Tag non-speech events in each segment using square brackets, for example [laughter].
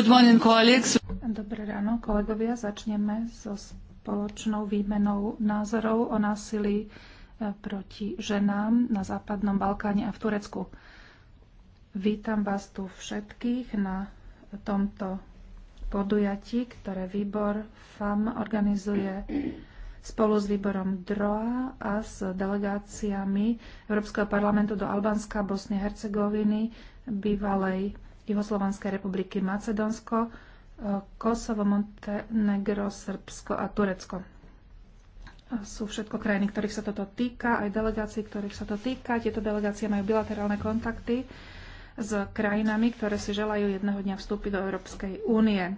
Morning, Dobré ráno, kolegovia. Začneme so spoločnou výmenou názorov o násilí e, proti ženám na Západnom Balkáne a v Turecku. Vítam vás tu všetkých na tomto podujatí, ktoré výbor FAM organizuje spolu s výborom DROA a s delegáciami Európskeho parlamentu do Albánska, Bosny a Hercegoviny, bývalej Juhoslovanskej republiky Macedónsko, e, Kosovo, Montenegro, Srbsko a Turecko. Sú všetko krajiny, ktorých sa toto týka, aj delegácií, ktorých sa to týka. Tieto delegácie majú bilaterálne kontakty s krajinami, ktoré si želajú jedného dňa vstúpiť do Európskej únie.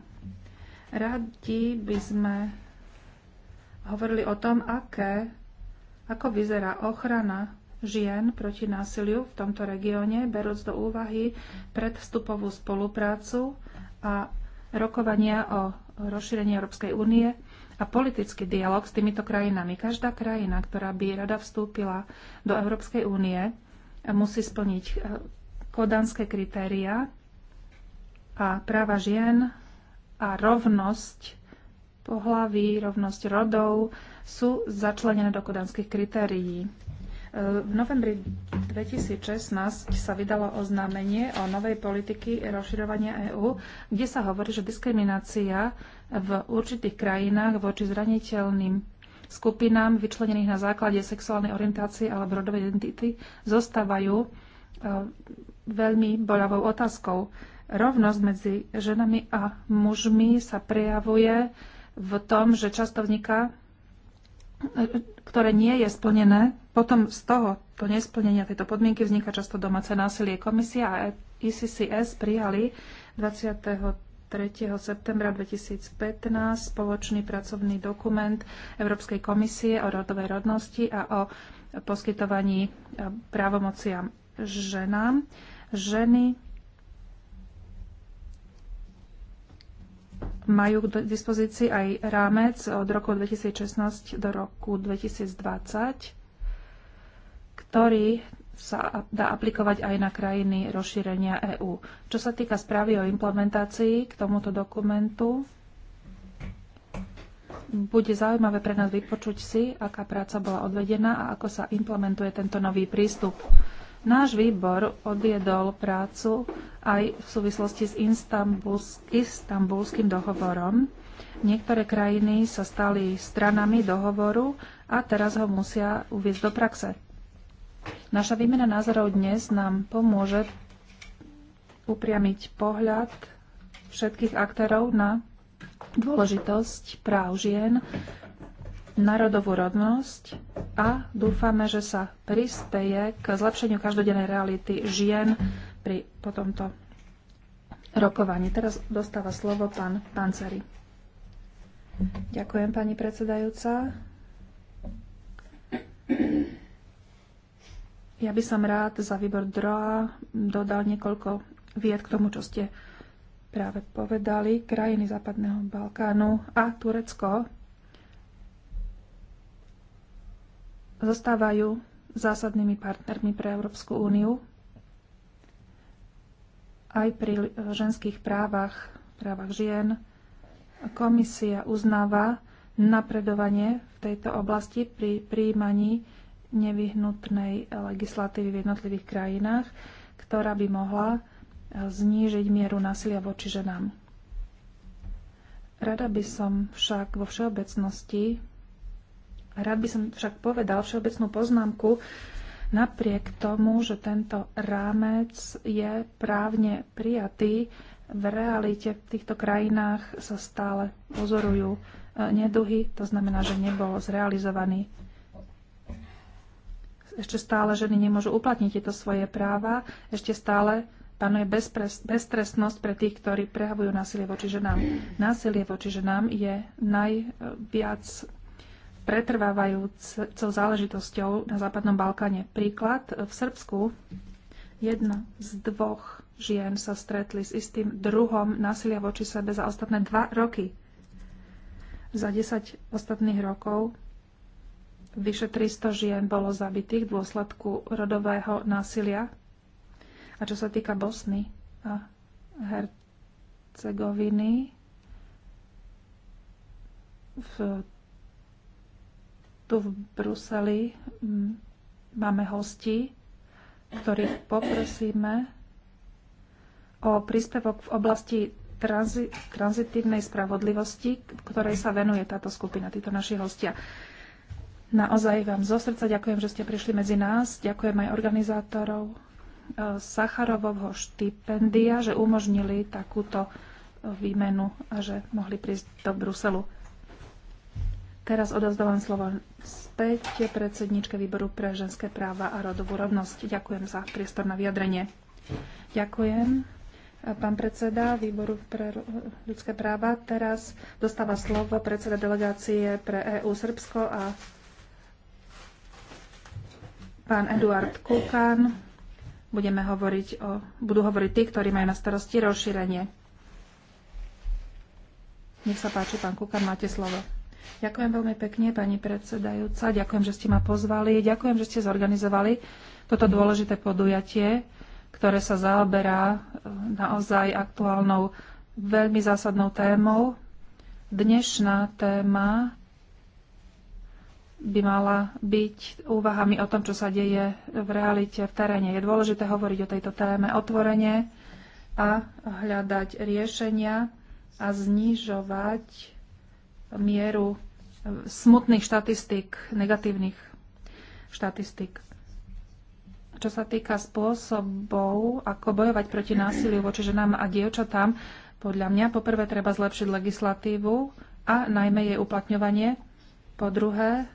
Radi by sme hovorili o tom, aké, ako vyzerá ochrana žien proti násiliu v tomto regióne, berúc do úvahy predvstupovú spoluprácu a rokovania o rozšírení Európskej únie a politický dialog s týmito krajinami. Každá krajina, ktorá by rada vstúpila do Európskej únie, musí splniť eh, kodanské kritéria a práva žien a rovnosť pohlaví, rovnosť rodov sú začlenené do kodanských kritérií. V novembri 2016 sa vydalo oznámenie o novej politiky rozširovania EÚ, kde sa hovorí, že diskriminácia v určitých krajinách voči zraniteľným skupinám vyčlenených na základe sexuálnej orientácie alebo rodovej identity zostávajú e, veľmi boľavou otázkou. Rovnosť medzi ženami a mužmi sa prejavuje v tom, že často vzniká ktoré nie je splnené, potom z toho, to nesplnenia tejto podmienky vzniká často domáce násilie. Komisia a ICCS e prijali 23. septembra 2015 spoločný pracovný dokument Európskej komisie o rodovej rodnosti a o poskytovaní e, právomociam ženám. Ženy majú k dispozícii aj rámec od roku 2016 do roku 2020, ktorý sa dá aplikovať aj na krajiny rozšírenia EÚ. Čo sa týka správy o implementácii k tomuto dokumentu, bude zaujímavé pre nás vypočuť si, aká práca bola odvedená a ako sa implementuje tento nový prístup Náš výbor odviedol prácu aj v súvislosti s istambulským dohovorom. Niektoré krajiny sa stali stranami dohovoru a teraz ho musia uviezť do praxe. Naša výmena názorov dnes nám pomôže upriamiť pohľad všetkých aktérov na dôležitosť práv žien národovú rodnosť a dúfame, že sa prispeje k zlepšeniu každodennej reality žien pri po tomto rokovaní. Teraz dostáva slovo pán Panceri. Ďakujem, pani predsedajúca. Ja by som rád za výbor DROA dodal niekoľko vied k tomu, čo ste práve povedali. Krajiny Západného Balkánu a Turecko zostávajú zásadnými partnermi pre Európsku úniu aj pri ženských právach, právach žien. Komisia uznáva napredovanie v tejto oblasti pri príjmaní nevyhnutnej legislatívy v jednotlivých krajinách, ktorá by mohla znížiť mieru násilia voči ženám. Rada by som však vo všeobecnosti Rád by som však povedal všeobecnú poznámku, napriek tomu, že tento rámec je právne prijatý, v realite v týchto krajinách sa stále pozorujú e, neduhy, to znamená, že nebol zrealizovaný. Ešte stále ženy nemôžu uplatniť tieto svoje práva, ešte stále panuje beztrestnosť pre tých, ktorí prehavujú násilie voči ženám. Násilie voči ženám je najviac pretrvávajúcou záležitosťou na Západnom Balkáne. Príklad, v Srbsku jedna z dvoch žien sa stretli s istým druhom násilia voči sebe za ostatné dva roky. Za 10 ostatných rokov vyše 300 žien bolo zabitých v dôsledku rodového násilia. A čo sa týka Bosny a Hercegoviny, v tu v Bruseli mm, máme hosti, ktorých poprosíme o príspevok v oblasti transi- tranzitívnej spravodlivosti, ktorej sa venuje táto skupina, títo naši hostia. Naozaj vám zo srdca ďakujem, že ste prišli medzi nás. Ďakujem aj organizátorov e, Sacharovovho štipendia, že umožnili takúto e, výmenu a že mohli prísť do Bruselu. Teraz odozdávam slovo späť predsedničke výboru pre ženské práva a rodovú rovnosť. Ďakujem za priestor na vyjadrenie. Ďakujem. Pán predseda výboru pre ľudské práva teraz dostáva slovo predseda delegácie pre EU Srbsko a pán Eduard Kukan. Budeme hovoriť o, budú hovoriť tí, ktorí majú na starosti rozšírenie. Nech sa páči, pán Kukan, máte slovo. Ďakujem veľmi pekne, pani predsedajúca. Ďakujem, že ste ma pozvali. Ďakujem, že ste zorganizovali toto dôležité podujatie, ktoré sa zaoberá e, naozaj aktuálnou, veľmi zásadnou témou. Dnešná téma by mala byť úvahami o tom, čo sa deje v realite, v teréne. Je dôležité hovoriť o tejto téme otvorene a hľadať riešenia a znižovať mieru eh, smutných štatistík, negatívnych štatistík. Čo sa týka spôsobov, ako bojovať proti násiliu voči ženám a dievčatám, podľa mňa poprvé treba zlepšiť legislatívu a najmä jej uplatňovanie. Po druhé,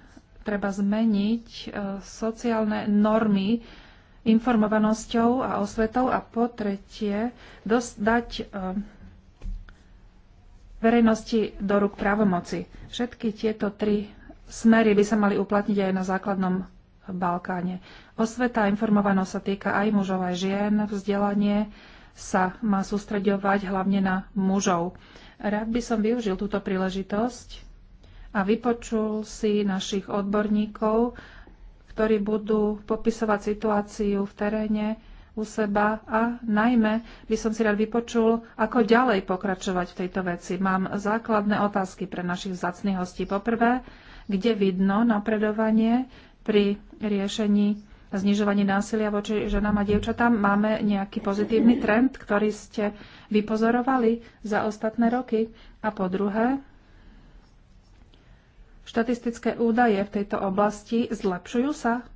treba zmeniť eh, sociálne normy informovanosťou a osvetou. A po tretie, dať eh, verejnosti do rúk právomoci. Všetky tieto tri smery by sa mali uplatniť aj na základnom Balkáne. Osveta a informovanosť sa týka aj mužov, aj žien. Vzdelanie sa má sústreďovať hlavne na mužov. Rád by som využil túto príležitosť a vypočul si našich odborníkov, ktorí budú popisovať situáciu v teréne, u seba a najmä by som si rád vypočul, ako ďalej pokračovať v tejto veci. Mám základné otázky pre našich vzácných hostí. Poprvé, kde vidno napredovanie pri riešení znižovaní násilia voči ženám a dievčatám? Máme nejaký pozitívny trend, ktorý ste vypozorovali za ostatné roky? A po druhé, štatistické údaje v tejto oblasti zlepšujú sa?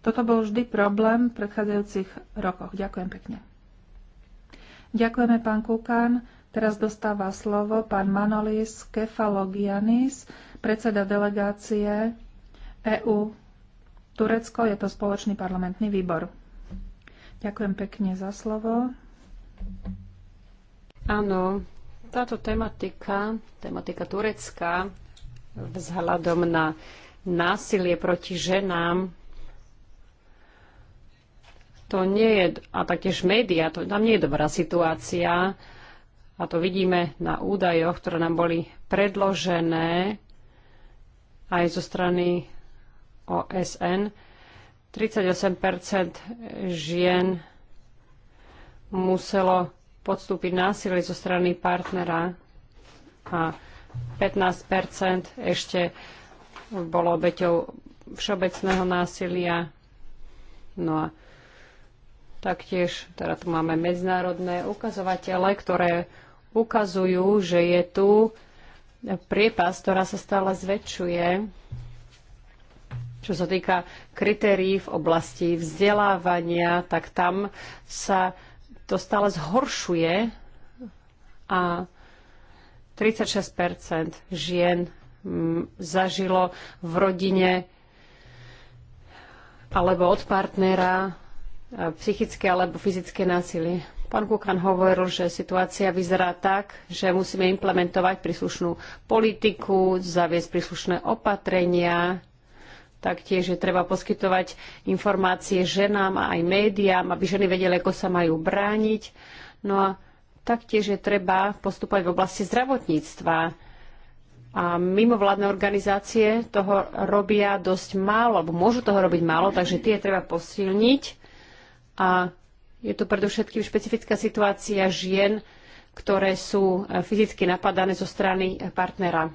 Toto bol vždy problém v predchádzajúcich rokoch. Ďakujem pekne. Ďakujeme, pán Kukán. Teraz dostáva slovo pán Manolis Kefalogianis, predseda delegácie EU Turecko. Je to spoločný parlamentný výbor. Ďakujem pekne za slovo. Áno, táto tematika, tematika Turecka, vzhľadom na násilie proti ženám to nie je, a taktiež média, to tam nie je dobrá situácia a to vidíme na údajoch, ktoré nám boli predložené aj zo strany OSN. 38 žien muselo podstúpiť násilie zo strany partnera a 15 ešte bolo obeťou všeobecného násilia. No a Taktiež teda tu máme medzinárodné ukazovatele, ktoré ukazujú, že je tu priepas, ktorá sa stále zväčšuje, čo sa týka kritérií v oblasti vzdelávania, tak tam sa to stále zhoršuje a 36 žien mm, zažilo v rodine alebo od partnera E, psychické alebo fyzické násilie. Pán Kukan hovoril, že situácia vyzerá tak, že musíme implementovať príslušnú politiku, zaviesť príslušné opatrenia, taktiež je treba poskytovať informácie ženám a aj médiám, aby ženy vedeli, ako sa majú brániť. No a taktiež je treba postupovať v oblasti zdravotníctva. A mimovládne organizácie toho robia dosť málo, alebo môžu toho robiť málo, takže tie treba posilniť a je to predovšetkým špecifická situácia žien, ktoré sú eh, fyzicky napadané zo strany eh, partnera.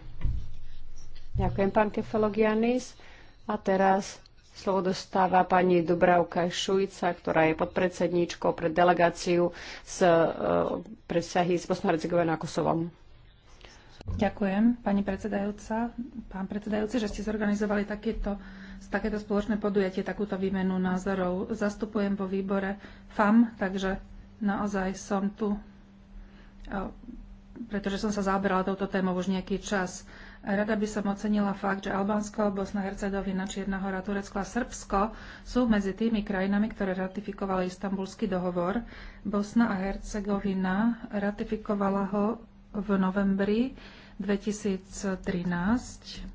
Ďakujem, pán Kefalogianis. A teraz slovo dostáva pani Dubravka Šujca, ktorá je podpredsedníčkou pre delegáciu eh, z presahy s Bosnou a Kosovom. Ďakujem, pani predsedajúca, pán predsedajúci, že ste zorganizovali takéto takéto spoločné podujatie, takúto výmenu názorov. Zastupujem vo výbore FAM, takže naozaj som tu, e, pretože som sa zaoberala touto témou už nejaký čas. Rada by som ocenila fakt, že Albánsko, Bosna, Hercegovina, Čierna hora, Turecko a Srbsko sú medzi tými krajinami, ktoré ratifikovali istambulský dohovor. Bosna a Hercegovina ratifikovala ho v novembri 2013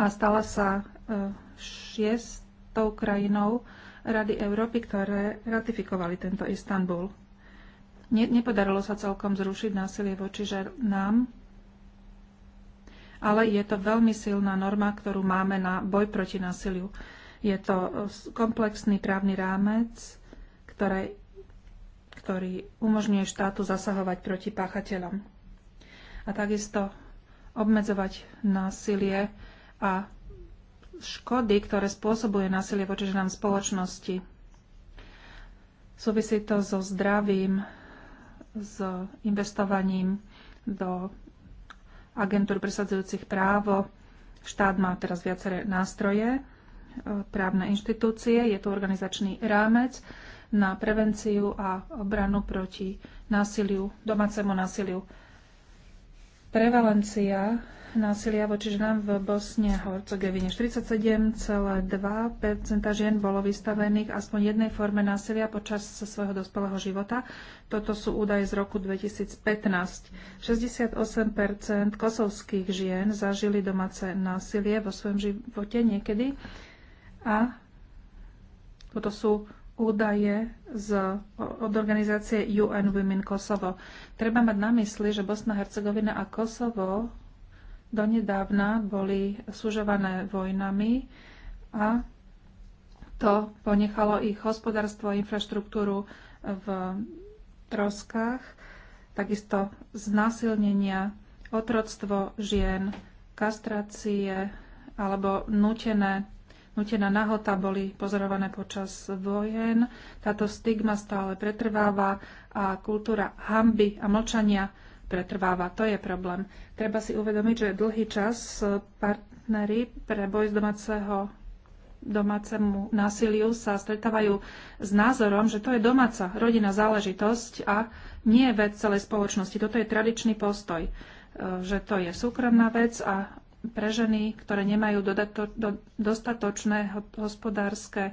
a stala sa e, šiestou krajinou Rady Európy, ktoré ratifikovali tento Istanbul. nepodarilo sa celkom zrušiť násilie voči nám, ale je to veľmi silná norma, ktorú máme na boj proti násiliu. Je to e, komplexný právny rámec, ktoré, ktorý umožňuje štátu zasahovať proti páchateľom. A takisto obmedzovať násilie a škody, ktoré spôsobuje násilie voči ženám spoločnosti. Súvisí to so zdravím, s investovaním do agentúr presadzujúcich právo. Štát má teraz viaceré nástroje, e, právne inštitúcie, je tu organizačný rámec na prevenciu a obranu proti násiliu, domácemu násiliu Prevalencia násilia voči ženám v Bosne a Hercegovine. 47,2 žien bolo vystavených aspoň jednej forme násilia počas svojho dospelého života. Toto sú údaje z roku 2015. 68 kosovských žien zažili domáce násilie vo svojom živote niekedy a toto sú údaje z, od organizácie UN Women Kosovo. Treba mať na mysli, že Bosna, Hercegovina a Kosovo donedávna boli súžované vojnami a to ponechalo ich hospodárstvo a infraštruktúru v troskách, takisto znásilnenia, otroctvo žien, kastrácie alebo nutené nutená nahota boli pozorované počas vojen. Táto stigma stále pretrváva a kultúra hamby a mlčania pretrváva. To je problém. Treba si uvedomiť, že dlhý čas e, partnery pre boj z domáceho domácemu násiliu sa stretávajú s názorom, že to je domáca rodinná záležitosť a nie vec celej spoločnosti. Toto je tradičný postoj, e, že to je súkromná vec a pre ženy, ktoré nemajú dodato, do, dostatočné hospodárske e,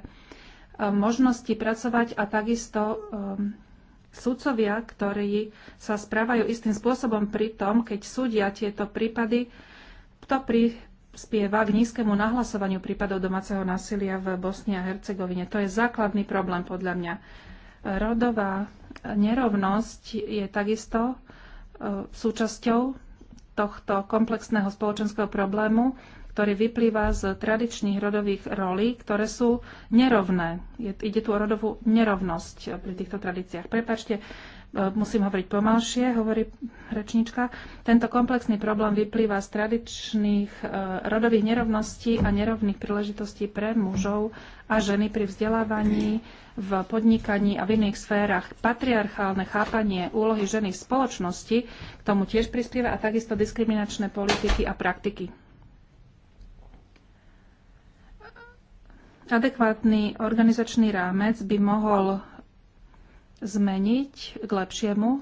možnosti pracovať a takisto um, sudcovia, ktorí sa správajú istým spôsobom pri tom, keď súdia tieto prípady, to prispieva k nízkemu nahlasovaniu prípadov domáceho násilia v Bosni a Hercegovine. To je základný problém podľa mňa. Rodová nerovnosť je takisto e, súčasťou tohto komplexného spoločenského problému, ktorý vyplýva z tradičných rodových rolí, ktoré sú nerovné. Je, ide tu o rodovú nerovnosť pri týchto tradíciách. Prepačte, musím hovoriť pomalšie, hovorí rečnička. Tento komplexný problém vyplýva z tradičných e, rodových nerovností a nerovných príležitostí pre mužov a ženy pri vzdelávaní, v podnikaní a v iných sférach. Patriarchálne chápanie úlohy ženy v spoločnosti k tomu tiež prispieva a takisto diskriminačné politiky a praktiky. Adekvátny organizačný rámec by mohol zmeniť k lepšiemu e,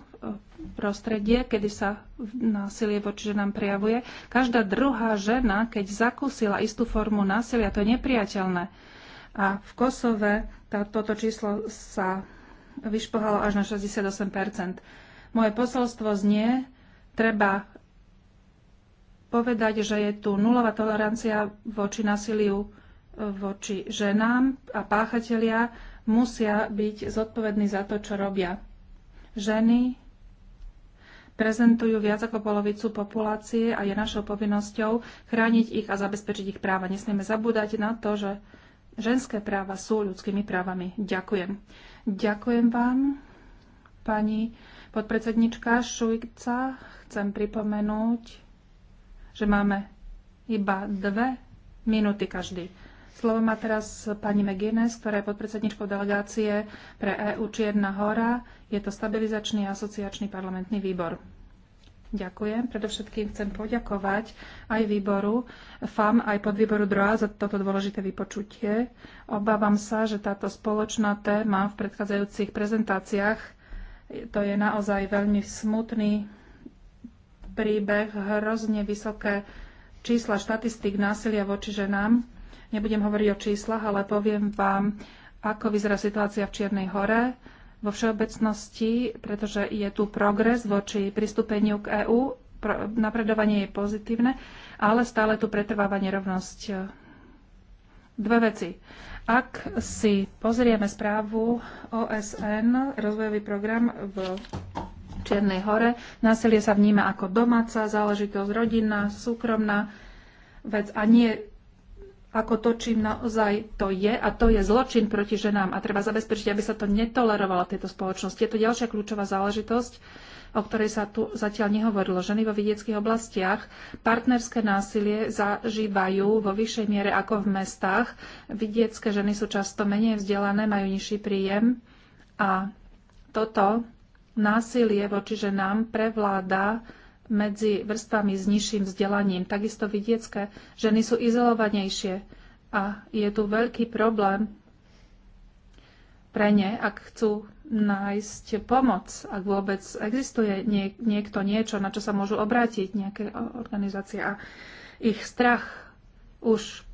prostredie, kedy sa násilie voči ženám prejavuje. Každá druhá žena, keď zakúsila istú formu násilia, to je nepriateľné. A v Kosove tá, toto číslo sa vyšplhalo až na 68 Moje posolstvo znie, treba povedať, že je tu nulová tolerancia voči násiliu e, voči ženám a páchatelia musia byť zodpovední za to, čo robia. Ženy prezentujú viac ako polovicu populácie a je našou povinnosťou chrániť ich a zabezpečiť ich práva. Nesmieme zabúdať na to, že ženské práva sú ľudskými právami. Ďakujem. Ďakujem vám, pani podpredsednička Šujca. Chcem pripomenúť, že máme iba dve minúty každý. Slovo má teraz pani McGuinness, ktorá je podpredsedničkou delegácie pre EU Čierna hora. Je to stabilizačný a asociačný parlamentný výbor. Ďakujem. Predovšetkým chcem poďakovať aj výboru FAM, aj podvýboru DROA za toto dôležité vypočutie. Obávam sa, že táto spoločná téma v predchádzajúcich prezentáciách to je naozaj veľmi smutný príbeh, hrozne vysoké čísla štatistik násilia voči ženám Nebudem hovoriť o číslach, ale poviem vám, ako vyzerá situácia v Čiernej hore vo všeobecnosti, pretože je tu progres voči pristúpeniu k EÚ, napredovanie je pozitívne, ale stále tu pretrváva nerovnosť. Dve veci. Ak si pozrieme správu OSN, rozvojový program v Čiernej hore, násilie sa vníma ako domáca záležitosť, rodinná, súkromná vec a nie ako to, čím naozaj to je a to je zločin proti ženám a treba zabezpečiť, aby sa to netolerovalo v tejto spoločnosti. Je to ďalšia kľúčová záležitosť, o ktorej sa tu zatiaľ nehovorilo. Ženy vo vidieckých oblastiach partnerské násilie zažívajú vo vyššej miere ako v mestách. Vidiecké ženy sú často menej vzdelané, majú nižší príjem a toto násilie voči ženám prevláda medzi vrstvami s nižším vzdelaním. Takisto vidiecké ženy sú izolovanejšie a je tu veľký problém pre ne, ak chcú nájsť pomoc, ak vôbec existuje niekto niečo, na čo sa môžu obrátiť nejaké organizácie a ich strach už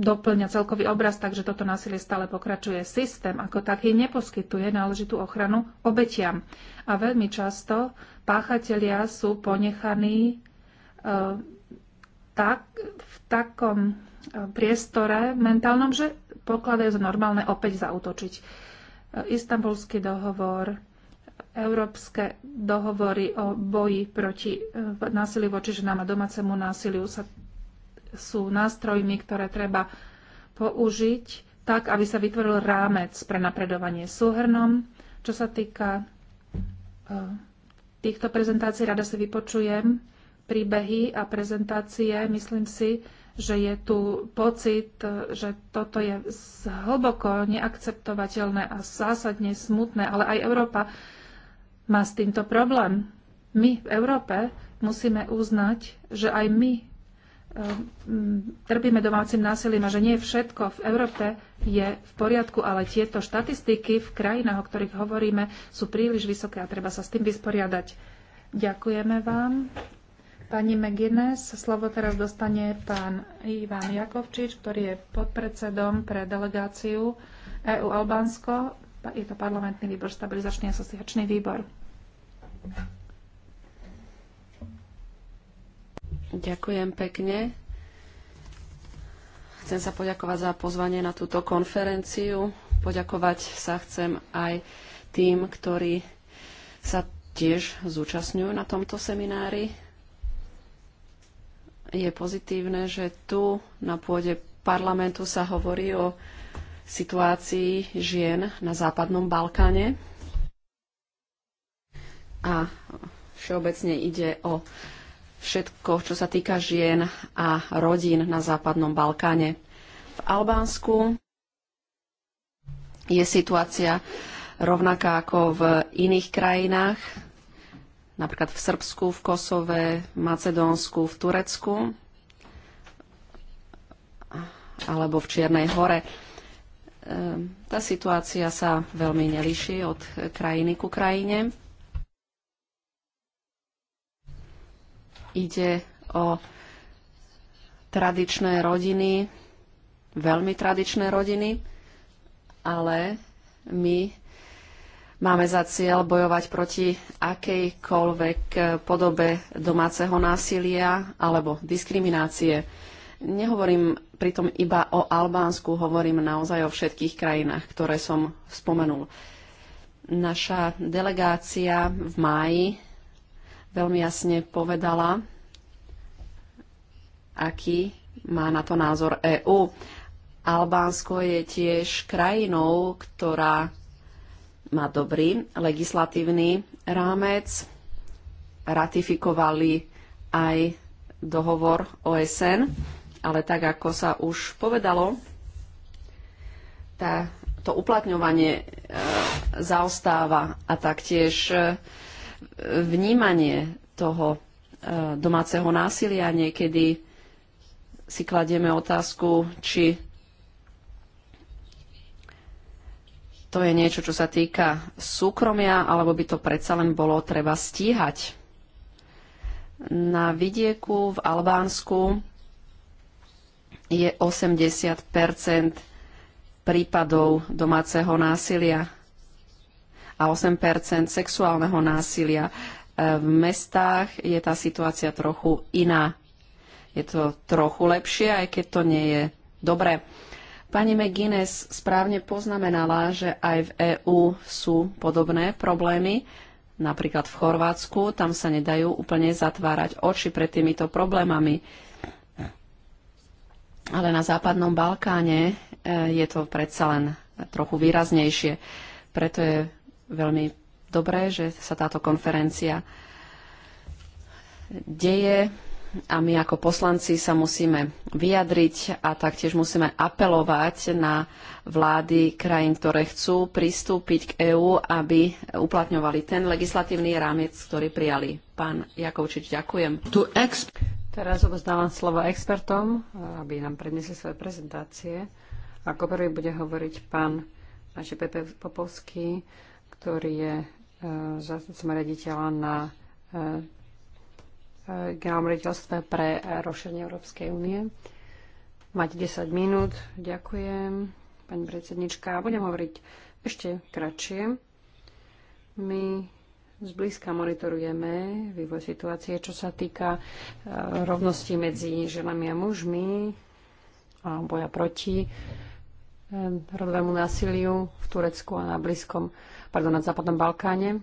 doplňa celkový obraz, takže toto násilie stále pokračuje. Systém ako taký neposkytuje náležitú ochranu obetiam. A veľmi často páchatelia sú ponechaní eh, tak, v takom eh, priestore mentálnom, že pokladajú za normálne opäť zautočiť. Eh, Istanbulský dohovor, európske dohovory o boji proti násiliu voči ženám a domácemu násiliu sa, sú nástrojmi, ktoré treba použiť tak, aby sa vytvoril rámec pre napredovanie súhrnom. Čo sa týka týchto prezentácií. Rada si vypočujem príbehy a prezentácie. Myslím si, že je tu pocit, že toto je hlboko neakceptovateľné a zásadne smutné, ale aj Európa má s týmto problém. My v Európe musíme uznať, že aj my Eh, trpíme domácim násilím a že nie všetko v Európe je v poriadku, ale tieto štatistiky v krajinách, o ktorých hovoríme, sú príliš vysoké a treba sa s tým vysporiadať. Ďakujeme vám. Pani McGuinness, slovo teraz dostane pán Ivan Jakovčič, ktorý je podpredsedom pre delegáciu EU Albánsko. Je to parlamentný výbor, stabilizačný asociačný výbor. Ďakujem pekne. Chcem sa poďakovať za pozvanie na túto konferenciu. Poďakovať sa chcem aj tým, ktorí sa tiež zúčastňujú na tomto seminári. Je pozitívne, že tu na pôde parlamentu sa hovorí o situácii žien na Západnom Balkáne. A všeobecne ide o všetko, čo sa týka žien a rodín na Západnom Balkáne. V Albánsku je situácia rovnaká ako v iných krajinách, napríklad v Srbsku, v Kosove, v Macedónsku, v Turecku alebo v Čiernej hore. Ehm, tá situácia sa veľmi nelíši od krajiny ku krajine. ide o tradičné rodiny, veľmi tradičné rodiny, ale my máme za cieľ bojovať proti akejkoľvek podobe domáceho násilia alebo diskriminácie. Nehovorím pritom iba o Albánsku, hovorím naozaj o všetkých krajinách, ktoré som spomenul. Naša delegácia v máji veľmi jasne povedala, aký má na to názor EÚ. Albánsko je tiež krajinou, ktorá má dobrý legislatívny rámec. Ratifikovali aj dohovor OSN, ale tak ako sa už povedalo, tá, to uplatňovanie e, zaostáva a taktiež e, vnímanie toho e, domáceho násilia. Niekedy si kladieme otázku, či to je niečo, čo sa týka súkromia, alebo by to predsa len bolo treba stíhať. Na vidieku v Albánsku je 80 prípadov domáceho násilia a 8 sexuálneho násilia. E, v mestách je tá situácia trochu iná. Je to trochu lepšie, aj keď to nie je dobré. Pani McGuinness správne poznamenala, že aj v EÚ sú podobné problémy, napríklad v Chorvátsku, tam sa nedajú úplne zatvárať oči pred týmito problémami. Ale na západnom Balkáne e, je to predsa len trochu výraznejšie. Preto je veľmi dobré, že sa táto konferencia deje a my ako poslanci sa musíme vyjadriť a taktiež musíme apelovať na vlády krajín, ktoré chcú pristúpiť k EÚ, aby uplatňovali ten legislatívny rámec, ktorý prijali. Pán Jakovčič, ďakujem. Teraz obozdávam slovo expertom, aby nám prednesli svoje prezentácie. Ako prvý bude hovoriť pán Pepe Popovský, ktorý je e, zástupcom rediteľa na e, e, generálnom rediteľstve pre rozšírenie Európskej únie. Máte 10 minút. Ďakujem, pani predsednička. Budem hovoriť ešte kratšie. My zblízka monitorujeme vývoj situácie, čo sa týka rovnosti medzi ženami a mužmi a boja proti rodovému násiliu v Turecku a na Blízkom pardon, na Západnom Balkáne.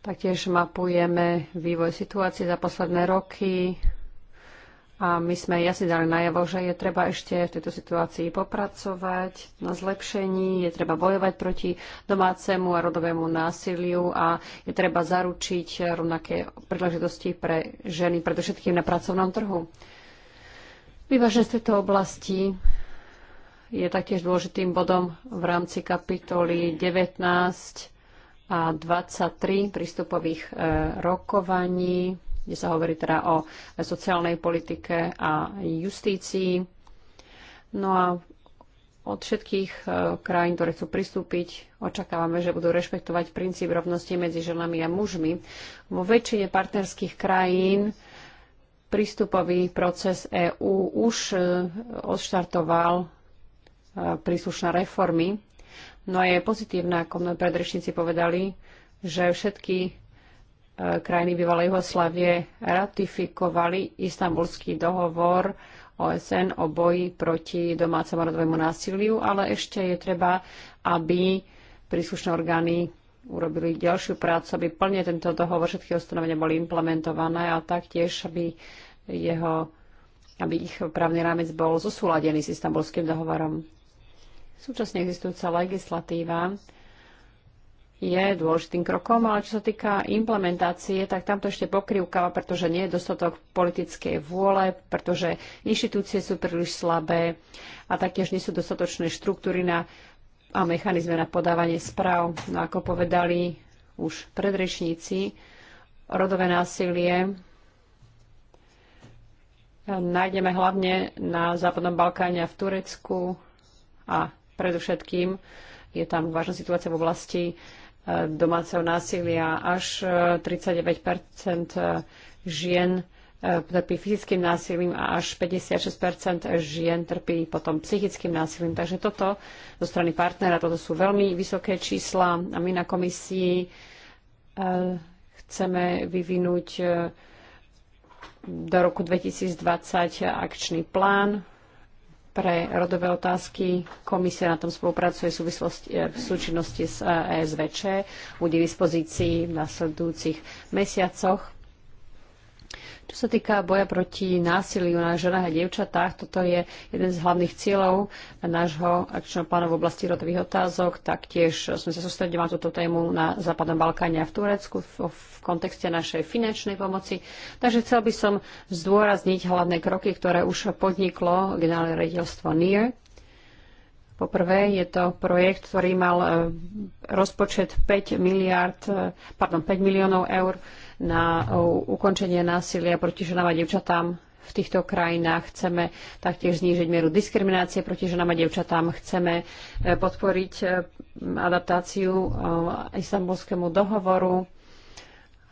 Taktiež mapujeme vývoj situácie za posledné roky a my sme jasne dali najavo, že je treba ešte v tejto situácii popracovať na zlepšení, je treba bojovať proti domácemu a rodovému násiliu a je treba zaručiť rovnaké príležitosti pre ženy, predovšetkým na pracovnom trhu. Vyvážne z tejto oblasti je taktiež dôležitým bodom v rámci kapitoly 19 a 23 prístupových e, rokovaní, kde sa hovorí teda o sociálnej politike a justícii. No a od všetkých e, krajín, ktoré chcú pristúpiť, očakávame, že budú rešpektovať princíp rovnosti medzi ženami a mužmi. Vo väčšine partnerských krajín prístupový proces EÚ už e, odštartoval E, príslušné reformy. No a je pozitívne, ako mnohí predrečníci povedali, že všetky e, krajiny bývalej Jugoslávie ratifikovali istambulský dohovor OSN o boji proti domácemu rodovému násiliu, ale ešte je treba, aby príslušné orgány urobili ďalšiu prácu, aby plne tento dohovor všetky ustanovenia boli implementované a taktiež, aby jeho aby ich právny rámec bol zosúladený s istambulským dohovorom. Súčasne existujúca legislatíva je dôležitým krokom, ale čo sa týka implementácie, tak tamto ešte pokrývkava, pretože nie je dostatok politickej vôle, pretože inštitúcie sú príliš slabé a taktiež nie sú dostatočné štruktúry na, a mechanizme na podávanie správ. No ako povedali už predrečníci, rodové násilie nájdeme hlavne na Západnom Balkáne a v Turecku a Predovšetkým je tam vážna situácia v oblasti e, domáceho násilia. Až 39 e, e, žien trpí fyzickým násilím a až 56 žien trpí potom psychickým násilím. Takže toto zo strany partnera, toto sú veľmi vysoké čísla a my na komisii chceme vyvinúť do roku 2020 akčný plán pre rodové otázky. Komisia na tom spolupracuje v, súvislosti, eh, v súčinnosti s ESVČ. Eh, Bude v dispozícii v nasledujúcich mesiacoch čo sa týka boja proti násiliu na ženách a dievčatách, toto je jeden z hlavných cieľov nášho akčného plánu v oblasti rodových otázok. Taktiež sme sa sústredili na túto tému na Západnom Balkáne a v Turecku v, v kontexte našej finančnej pomoci. Takže chcel by som zdôrazniť hlavné kroky, ktoré už podniklo generálne rediteľstvo NIR Poprvé je to projekt, ktorý mal eh, rozpočet 5, miliard, eh, pardon, 5 miliónov eur na ukončenie násilia proti ženám a devčatám v týchto krajinách. Chceme taktiež znížiť mieru diskriminácie proti ženám a devčatám. Chceme eh, podporiť eh, adaptáciu eh, istambulskému dohovoru.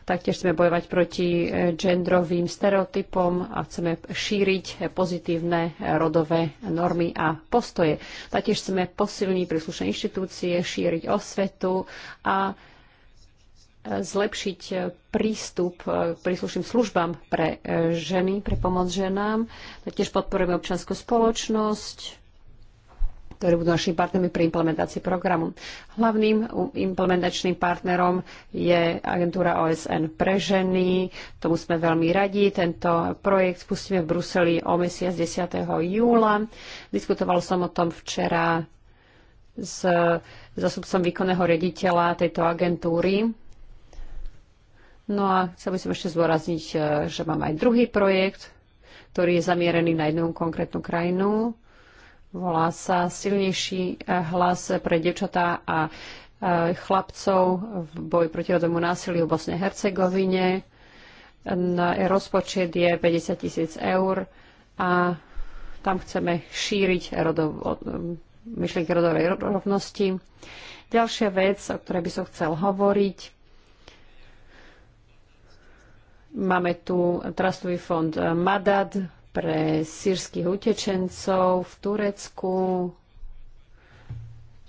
Taktiež chceme bojovať proti genderovým stereotypom a chceme šíriť pozitívne rodové normy a postoje. Taktiež chceme posilniť príslušné inštitúcie, šíriť osvetu a zlepšiť eh, prístup k eh, príslušným službám pre eh, ženy, pre pomoc ženám. Tiež podporujeme občanskú spoločnosť, ktorí budú našimi partnermi pri implementácii programu. Hlavným implementačným partnerom je agentúra OSN pre ženy. Tomu sme veľmi radi. Tento projekt spustíme v Bruseli o mesiac 10. júla. Diskutoval som o tom včera s zastupcom výkonného rediteľa tejto agentúry No a chcel by som ešte zvorazniť, eh, že mám aj druhý projekt, ktorý je zamierený na jednu konkrétnu krajinu. Volá sa Silnejší eh, hlas pre devčatá a eh, chlapcov v boji proti rodovému násiliu v Bosne Hercegovine. Rozpočet je 50 tisíc eur a tam chceme šíriť rodov, myšlienky rodovej rovnosti. Ďalšia vec, o ktorej by som chcel hovoriť, Máme tu trastový fond Madad pre sírskych utečencov v Turecku.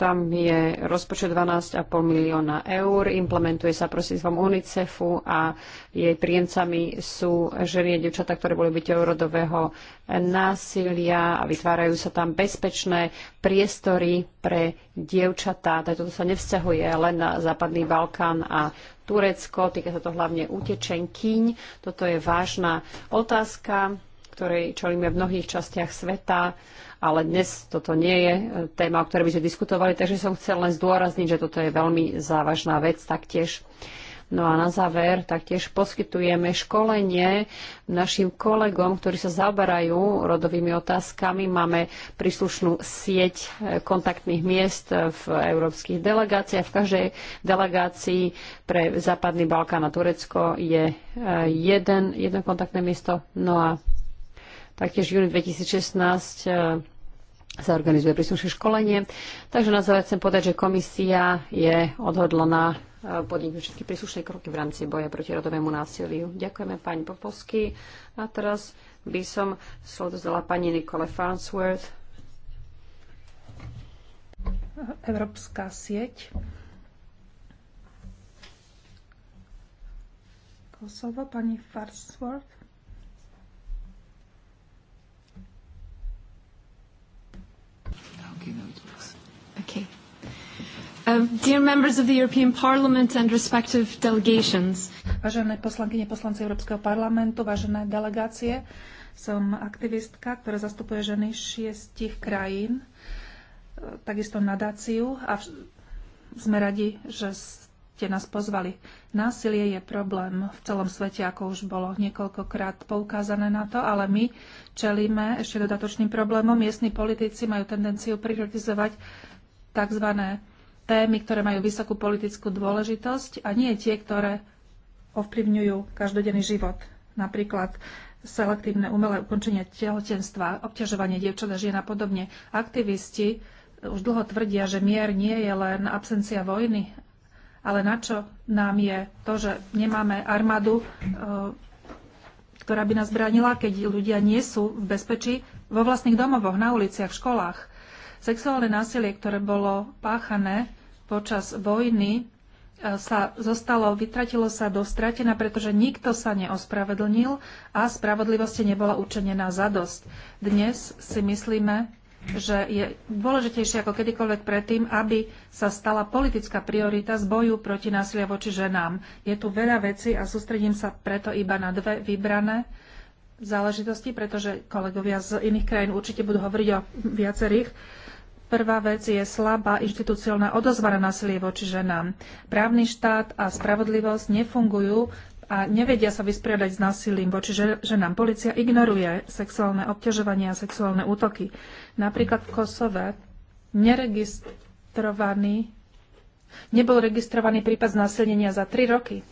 Tam je rozpočet 12,5 milióna eur, implementuje sa prosím UNICEFu a jej príjemcami sú ženy a devčatá, ktoré boli byť eurodového násilia a vytvárajú sa tam bezpečné priestory pre dievčatá. Toto sa nevzťahuje len na Západný Balkán a Turecko, týka sa to hlavne utečenkyň. Toto je vážna otázka, ktorej čelíme v mnohých častiach sveta ale dnes toto nie je e, téma, o ktorej by sme diskutovali, takže som chcel len zdôrazniť, že toto je veľmi závažná vec taktiež. No a na záver taktiež poskytujeme školenie našim kolegom, ktorí sa zaberajú rodovými otázkami. Máme príslušnú sieť e, kontaktných miest v európskych delegáciách. V každej delegácii pre Západný Balkán a Turecko je e, jeden, jedno kontaktné miesto. No a Taktiež v júni 2016 e, sa organizuje príslušné školenie. Takže na záver chcem povedať, že komisia je odhodlaná e, podniknúť všetky príslušné kroky v rámci boja proti rodovému násiliu. Ďakujeme pani Popovsky. A teraz by som slovo dala pani Nikole Farnsworth. Európska sieť Kosovo, pani Farnsworth. Okay. Um, dear members of the European Parliament and respective delegations. Vážené poslankyne, poslanci Európskeho parlamentu, vážené delegácie, som aktivistka, ktorá zastupuje ženy šiestich krajín, e, takisto nadáciu a sme radi, že ste nás pozvali. Násilie je problém v celom svete, ako už bolo niekoľkokrát poukázané na to, ale my čelíme ešte dodatočným problémom. Miestni politici majú tendenciu prioritizovať tzv. témy, ktoré majú vysokú politickú dôležitosť a nie tie, ktoré ovplyvňujú každodenný život. Napríklad selektívne umelé ukončenie tehotenstva, obťažovanie dievčat a žien a podobne. Aktivisti už dlho tvrdia, že mier nie je len absencia vojny ale na čo nám je to, že nemáme armádu, e, ktorá by nás bránila, keď ľudia nie sú v bezpečí vo vlastných domovoch, na uliciach, v školách. Sexuálne násilie, ktoré bolo páchané počas vojny, e, sa zostalo, vytratilo sa do stratená, pretože nikto sa neospravedlnil a spravodlivosti nebola učenená za dosť. Dnes si myslíme, že je dôležitejšie ako kedykoľvek predtým, aby sa stala politická priorita z boju proti násilia voči ženám. Je tu veľa vecí a sústredím sa preto iba na dve vybrané záležitosti, pretože kolegovia z iných krajín určite budú hovoriť o viacerých. Prvá vec je slabá inštitucionálna odozva na násilie voči ženám. Právny štát a spravodlivosť nefungujú a nevedia sa vysporiadať s násilím voči ženám. Polícia ignoruje sexuálne obťažovanie a sexuálne útoky. Napríklad v Kosove neregistrovaný, nebol registrovaný prípad znásilnenia za 3 roky.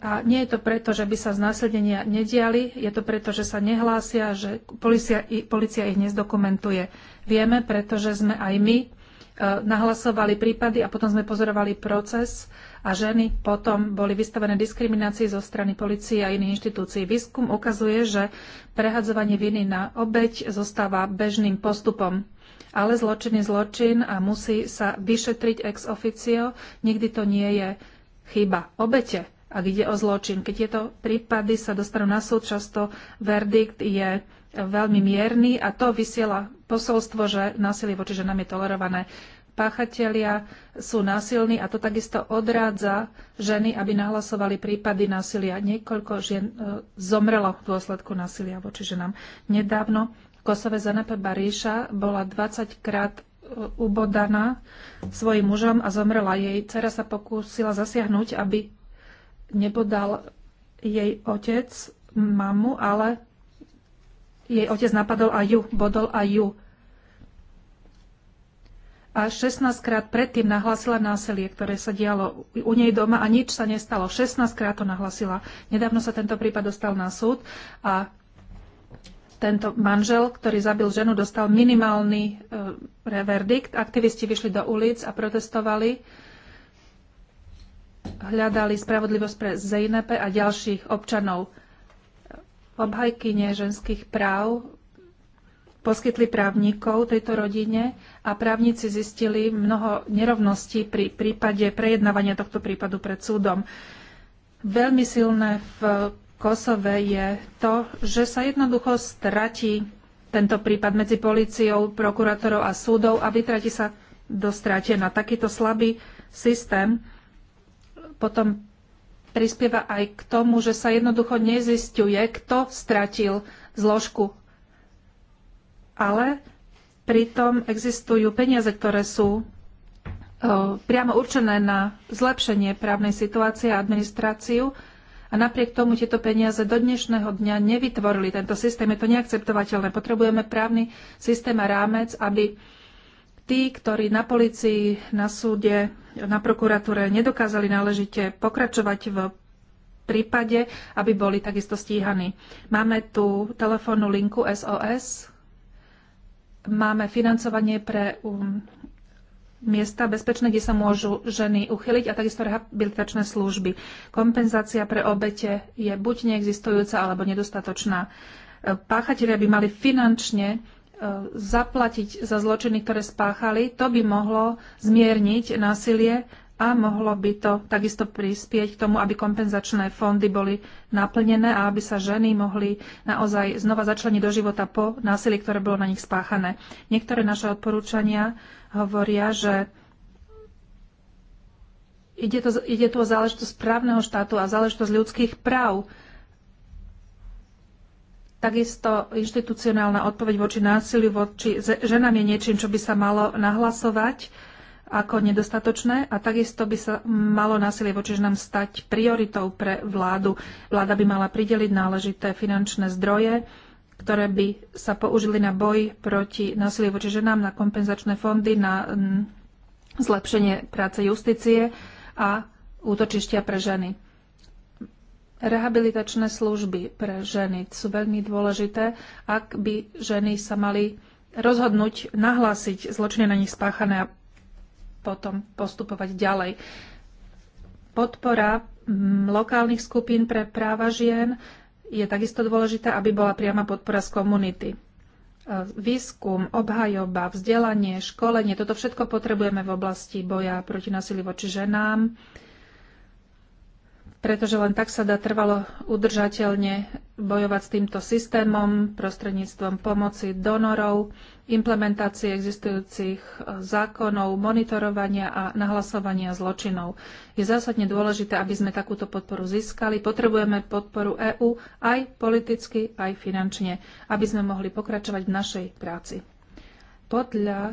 A nie je to preto, že by sa znásilnenia nediali, je to preto, že sa nehlásia, že policia, policia ich nezdokumentuje. Vieme, pretože sme aj my eh, nahlasovali prípady a potom sme pozorovali proces a ženy potom boli vystavené diskriminácii zo strany policie a iných inštitúcií. Výskum ukazuje, že prehadzovanie viny na obeď zostáva bežným postupom. Ale zločin je zločin a musí sa vyšetriť ex officio. Nikdy to nie je chyba obete, ak ide o zločin. Keď tieto prípady sa dostanú na súd, často verdikt je veľmi mierny a to vysiela posolstvo, že násilie voči ženám je tolerované páchatelia sú násilní a to takisto odrádza ženy, aby nahlasovali prípady násilia. Niekoľko žien e, zomrelo v dôsledku násilia voči ženám. Nedávno v Kosove Zanepe Baríša bola 20-krát e, ubodaná svojim mužom a zomrela. Jej dcera sa pokúsila zasiahnuť, aby nebodal jej otec mamu, ale jej otec napadol a ju, bodol a ju a 16 krát predtým nahlasila násilie, ktoré sa dialo u nej doma a nič sa nestalo. 16 krát to nahlasila. Nedávno sa tento prípad dostal na súd a tento manžel, ktorý zabil ženu, dostal minimálny e, verdikt. Aktivisti vyšli do ulic a protestovali. Hľadali spravodlivosť pre Zejnepe a ďalších občanov. Obhajkyne ženských práv poskytli právnikov tejto rodine a právnici zistili mnoho nerovností pri prípade prejednávania tohto prípadu pred súdom. Veľmi silné v Kosove je to, že sa jednoducho stratí tento prípad medzi políciou, prokurátorov a súdov a vytratí sa do na Takýto slabý systém potom prispieva aj k tomu, že sa jednoducho nezistuje, kto stratil zložku ale pritom existujú peniaze, ktoré sú priamo určené na zlepšenie právnej situácie a administráciu a napriek tomu tieto peniaze do dnešného dňa nevytvorili tento systém. Je to neakceptovateľné. Potrebujeme právny systém a rámec, aby tí, ktorí na policii, na súde, na prokuratúre nedokázali náležite pokračovať v prípade, aby boli takisto stíhaní. Máme tu telefónnu linku SOS, máme financovanie pre um, miesta bezpečné, kde sa môžu ženy uchyliť a takisto rehabilitačné služby. Kompenzácia pre obete je buď neexistujúca alebo nedostatočná. E, páchatelia by mali finančne e, zaplatiť za zločiny, ktoré spáchali. To by mohlo zmierniť násilie a mohlo by to takisto prispieť k tomu, aby kompenzačné fondy boli naplnené a aby sa ženy mohli naozaj znova začleniť do života po násilí, ktoré bolo na nich spáchané. Niektoré naše odporúčania hovoria, že ide, to, ide tu o záležitosť právneho štátu a záležitosť ľudských práv. Takisto inštitucionálna odpoveď voči násiliu voči ženám je niečím, čo by sa malo nahlasovať ako nedostatočné a takisto by sa malo násilie voči ženám stať prioritou pre vládu. Vláda by mala prideliť náležité finančné zdroje, ktoré by sa použili na boj proti násilie voči ženám, na kompenzačné fondy, na mm, zlepšenie práce justície a útočištia pre ženy. Rehabilitačné služby pre ženy sú veľmi dôležité, ak by ženy sa mali rozhodnúť nahlásiť zločiny na nich spáchané a potom postupovať ďalej. Podpora mm, lokálnych skupín pre práva žien je takisto dôležitá, aby bola priama podpora z komunity. E, výskum, obhajoba, vzdelanie, školenie, toto všetko potrebujeme v oblasti boja proti násiliu voči ženám, pretože len tak sa dá trvalo udržateľne bojovať s týmto systémom prostredníctvom pomoci donorov, implementácie existujúcich e, zákonov, monitorovania a nahlasovania zločinov. Je zásadne dôležité, aby sme takúto podporu získali. Potrebujeme podporu EÚ aj politicky, aj finančne, aby sme mohli pokračovať v našej práci. Podľa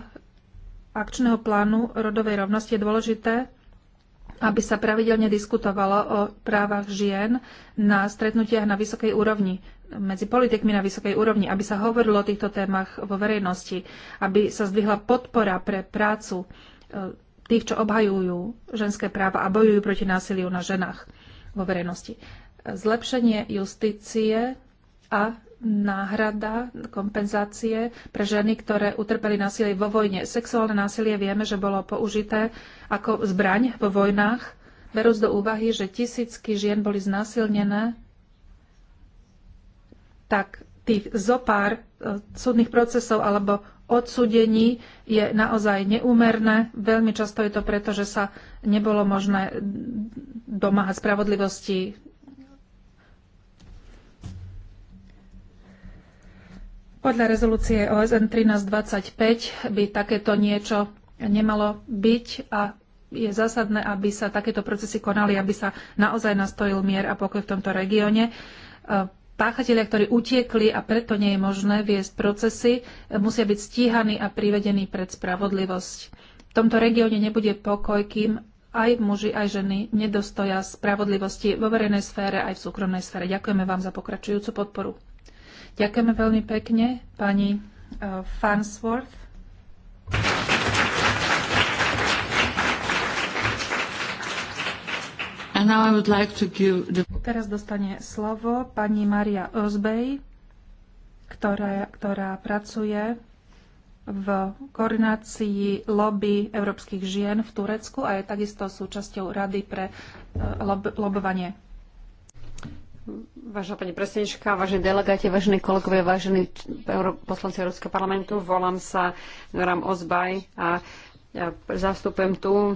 akčného plánu rodovej rovnosti je dôležité aby sa pravidelne diskutovalo o právach žien na stretnutiach na vysokej úrovni, medzi politikmi na vysokej úrovni, aby sa hovorilo o týchto témach vo verejnosti, aby sa zdvihla podpora pre prácu e, tých, čo obhajujú ženské práva a bojujú proti násiliu na ženách vo verejnosti. Zlepšenie justície a náhrada, kompenzácie pre ženy, ktoré utrpeli násilie vo vojne. Sexuálne násilie vieme, že bolo použité ako zbraň vo vojnách, berúc do úvahy, že tisícky žien boli znásilnené, tak tých zopár e, súdnych procesov alebo odsudení je naozaj neúmerné. Veľmi často je to preto, že sa nebolo možné domáhať spravodlivosti Podľa rezolúcie OSN 1325 by takéto niečo nemalo byť a je zásadné, aby sa takéto procesy konali, aby sa naozaj nastojil mier a pokoj v tomto regióne. E, páchatelia, ktorí utiekli a preto nie je možné viesť procesy, e, musia byť stíhaní a privedení pred spravodlivosť. V tomto regióne nebude pokoj, kým aj muži, aj ženy nedostoja spravodlivosti vo verejnej sfére, aj v súkromnej sfére. Ďakujeme vám za pokračujúcu podporu. Ďakujeme veľmi pekne, pani eh, Farnsworth. And now I would like to give the... Teraz dostane slovo pani Maria Osbej, ktorá, ktorá pracuje v koordinácii lobby európskych žien v Turecku a je takisto súčasťou Rady pre eh, lobovanie Vážená pani predsednička, vážení delegáti, vážení kolegovia, vážení poslanci Európskeho parlamentu, volám sa Noram Ozbaj a ja zastupujem tu e,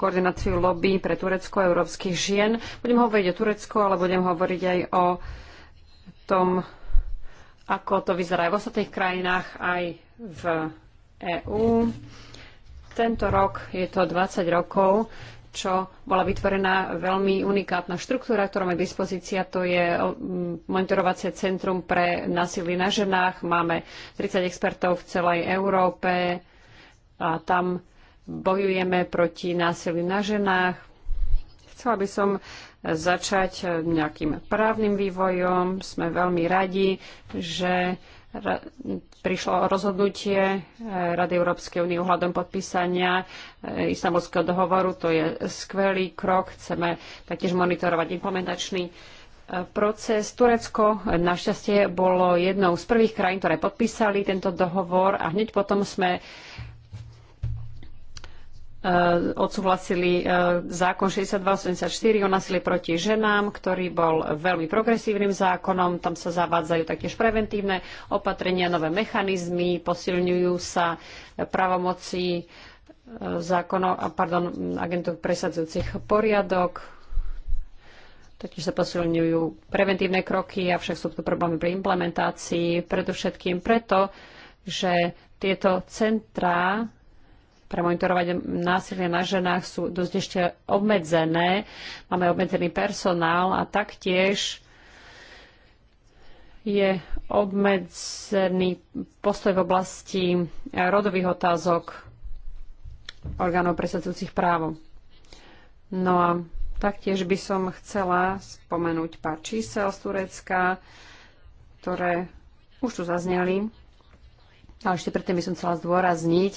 koordináciu lobby pre Turecko a európskych žien. Budem hovoriť o Turecku, ale budem hovoriť aj o tom, ako to vyzerá aj v ostatných krajinách, aj v EÚ. Tento rok je to 20 rokov, čo bola vytvorená veľmi unikátna štruktúra, ktorá má dispozícia, to je monitorovacie centrum pre násilie na ženách. Máme 30 expertov v celej Európe a tam bojujeme proti násiliu na ženách. Chcela by som začať nejakým právnym vývojom. Sme veľmi radi, že prišlo rozhodnutie eh, Rady Európskej únie ohľadom podpísania eh, istambulského dohovoru. To je skvelý krok. Chceme taktiež monitorovať implementačný eh, proces. Turecko našťastie bolo jednou z prvých krajín, ktoré podpísali tento dohovor a hneď potom sme Eh, odsúhlasili eh, zákon 6284 o násilí proti ženám, ktorý bol veľmi progresívnym zákonom. Tam sa zavádzajú taktiež preventívne opatrenia, nové mechanizmy, posilňujú sa eh, pravomoci zákonov, pardon, agentov presadzujúcich poriadok, Totiž sa posilňujú preventívne kroky, avšak sú tu problémy pri implementácii, predovšetkým preto, že tieto centrá pre monitorovať násilie na ženách sú dosť ešte obmedzené. Máme obmedzený personál a taktiež je obmedzený postoj v oblasti rodových otázok orgánov presadzujúcich právo. No a taktiež by som chcela spomenúť pár čísel z Turecka, ktoré už tu zazneli. Ale ešte predtým by som chcela zdôrazniť,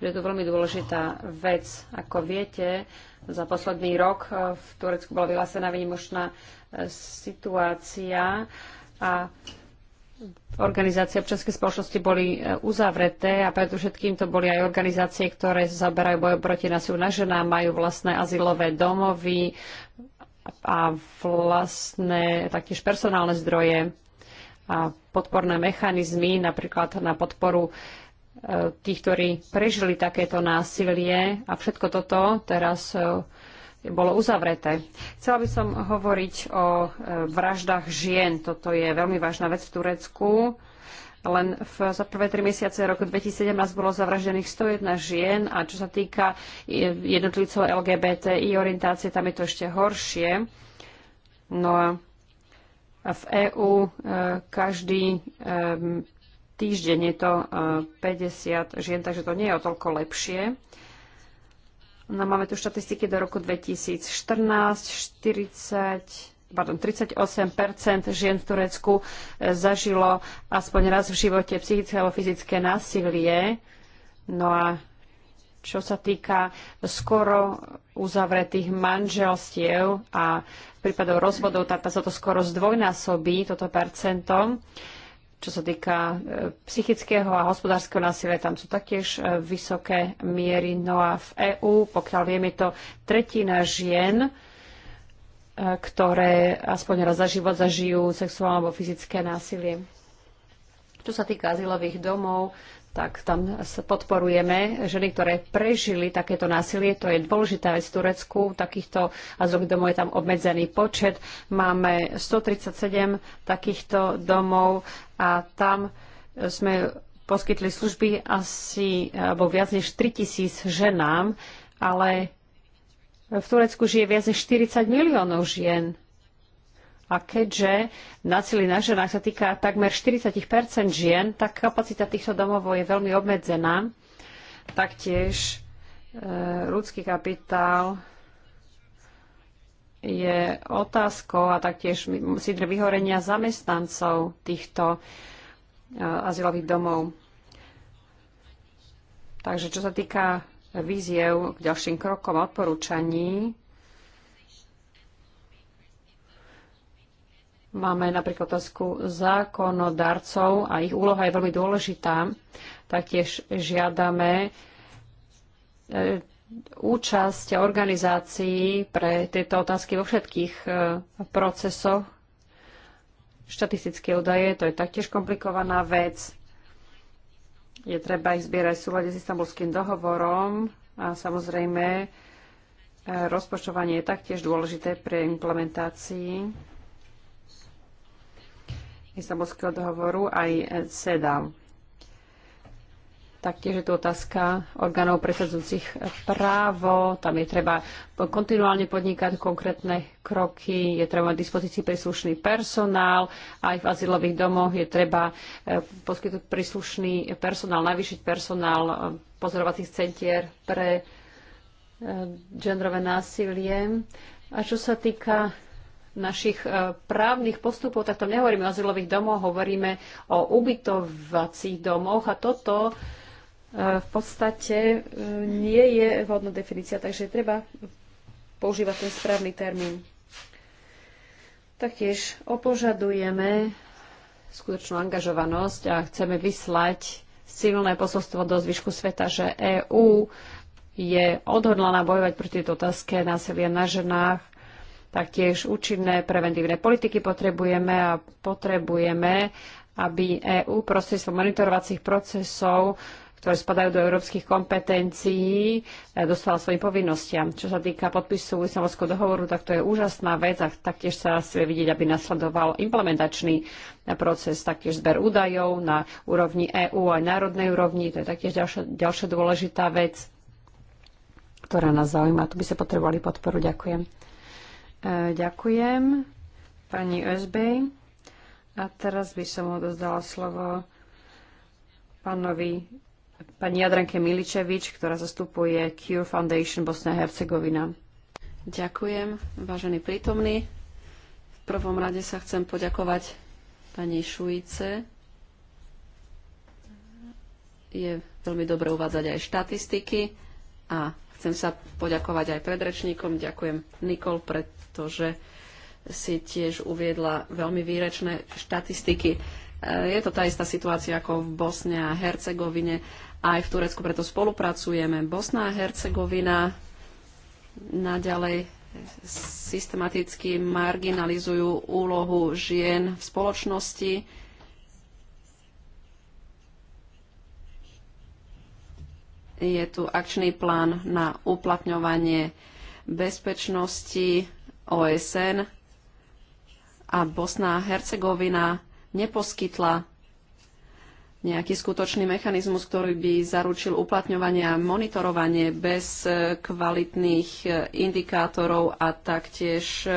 že je to veľmi dôležitá vec. Ako viete, za posledný rok e, v Turecku bola vyhlásená výnimočná e, situácia a organizácie občianskej spoločnosti boli e, uzavreté a predovšetkým to boli aj organizácie, ktoré zaberajú boj proti nasilu na žena, majú vlastné azylové domovy a vlastné taktiež personálne zdroje a podporné mechanizmy, napríklad na podporu tých, ktorí prežili takéto násilie a všetko toto teraz e, bolo uzavreté. Chcela by som hovoriť o e, vraždách žien. Toto je veľmi vážna vec v Turecku. Len v, za prvé tri mesiace roku 2017 bolo zavraždených 101 žien a čo sa týka e, jednotlivcov LGBTI orientácie, tam je to ešte horšie. No a v EÚ každý týždeň je to 50 e, žien, takže to nie je o toľko lepšie. No, máme tu štatistiky do roku 2014, 40, pardon, 38 žien v Turecku e, zažilo aspoň raz v živote psychické alebo fyzické násilie. No a čo sa týka skoro uzavretých manželstiev a prípadov rozvodov, tak sa to skoro zdvojnásobí, toto percento. Čo sa týka e, psychického a hospodárskeho násilia, tam sú taktiež e, vysoké miery. No a v EÚ, pokiaľ viem, je to tretina žien, e, ktoré aspoň raz za život zažijú sexuálne alebo fyzické násilie. Čo sa týka azylových domov, tak tam podporujeme ženy, ktoré prežili takéto násilie. To je dôležitá vec v Turecku. Takýchto azylových domov je tam obmedzený počet. Máme 137 takýchto domov a tam sme poskytli služby asi alebo viac než 3000 ženám, ale v Turecku žije viac než 40 miliónov žien a keďže násilie na ženách sa týka takmer 40 žien, tak kapacita týchto domov je veľmi obmedzená. Taktiež e, ľudský kapitál je otázkou a taktiež sídre vyhorenia zamestnancov týchto e, azylových domov. Takže čo sa týka víziev k ďalším krokom a odporúčaní, Máme napríklad otázku zákonodarcov a ich úloha je veľmi dôležitá. Taktiež žiadame e, účasť organizácií pre tieto otázky vo všetkých e, procesoch. Štatistické údaje, to je taktiež komplikovaná vec. Je treba ich zbierať v súlade s istambulským dohovorom a samozrejme e, rozpočtovanie je taktiež dôležité pre implementácii Istanbulského dohovoru aj e, CEDAW. Taktiež je tu otázka orgánov presadzujúcich e, právo. Tam je treba kontinuálne podnikať konkrétne kroky, je treba mať dispozícii príslušný personál, aj v azylových domoch je treba e, poskytnúť príslušný personál, navýšiť personál pozorovacích centier pre genderové násilie. A čo sa týka našich e, právnych postupov, tak tam nehovoríme o azylových domoch, hovoríme o ubytovacích domoch a toto e, v podstate e, nie je vhodná definícia, takže treba používať ten správny termín. Taktiež opožadujeme skutočnú angažovanosť a chceme vyslať silné posolstvo do zvyšku sveta, že EÚ je odhodlaná bojovať proti tejto otázke násilia na ženách Taktiež účinné preventívne politiky potrebujeme a potrebujeme, aby EÚ prostredstvom monitorovacích procesov ktoré spadajú do európskych kompetencií, e, dostala svojim povinnostiam. Čo sa týka podpisu Lisabonského dohovoru, tak to je úžasná vec a taktiež sa chce vidieť, aby nasledoval implementačný proces, taktiež zber údajov na úrovni EÚ aj národnej úrovni. To je taktiež ďalšia, ďalšia dôležitá vec, ktorá nás zaujíma. Tu by sa potrebovali podporu. Ďakujem. Ďakujem pani Özbej. A teraz by som odozdala slovo pánovi, pani Jadranke Miličevič, ktorá zastupuje Cure Foundation Bosna a Hercegovina. Ďakujem, vážení prítomní. V prvom rade sa chcem poďakovať pani Šujice. Je veľmi dobre uvádzať aj štatistiky a Chcem sa poďakovať aj predrečníkom. Ďakujem Nikol, pretože si tiež uviedla veľmi výrečné štatistiky. E, je to tá istá situácia ako v Bosne a Hercegovine. Aj v Turecku preto spolupracujeme. Bosna a Hercegovina naďalej systematicky marginalizujú úlohu žien v spoločnosti je tu akčný plán na uplatňovanie bezpečnosti OSN a Bosná a Hercegovina neposkytla nejaký skutočný mechanizmus, ktorý by zaručil uplatňovanie a monitorovanie bez e, kvalitných e, indikátorov a taktiež e,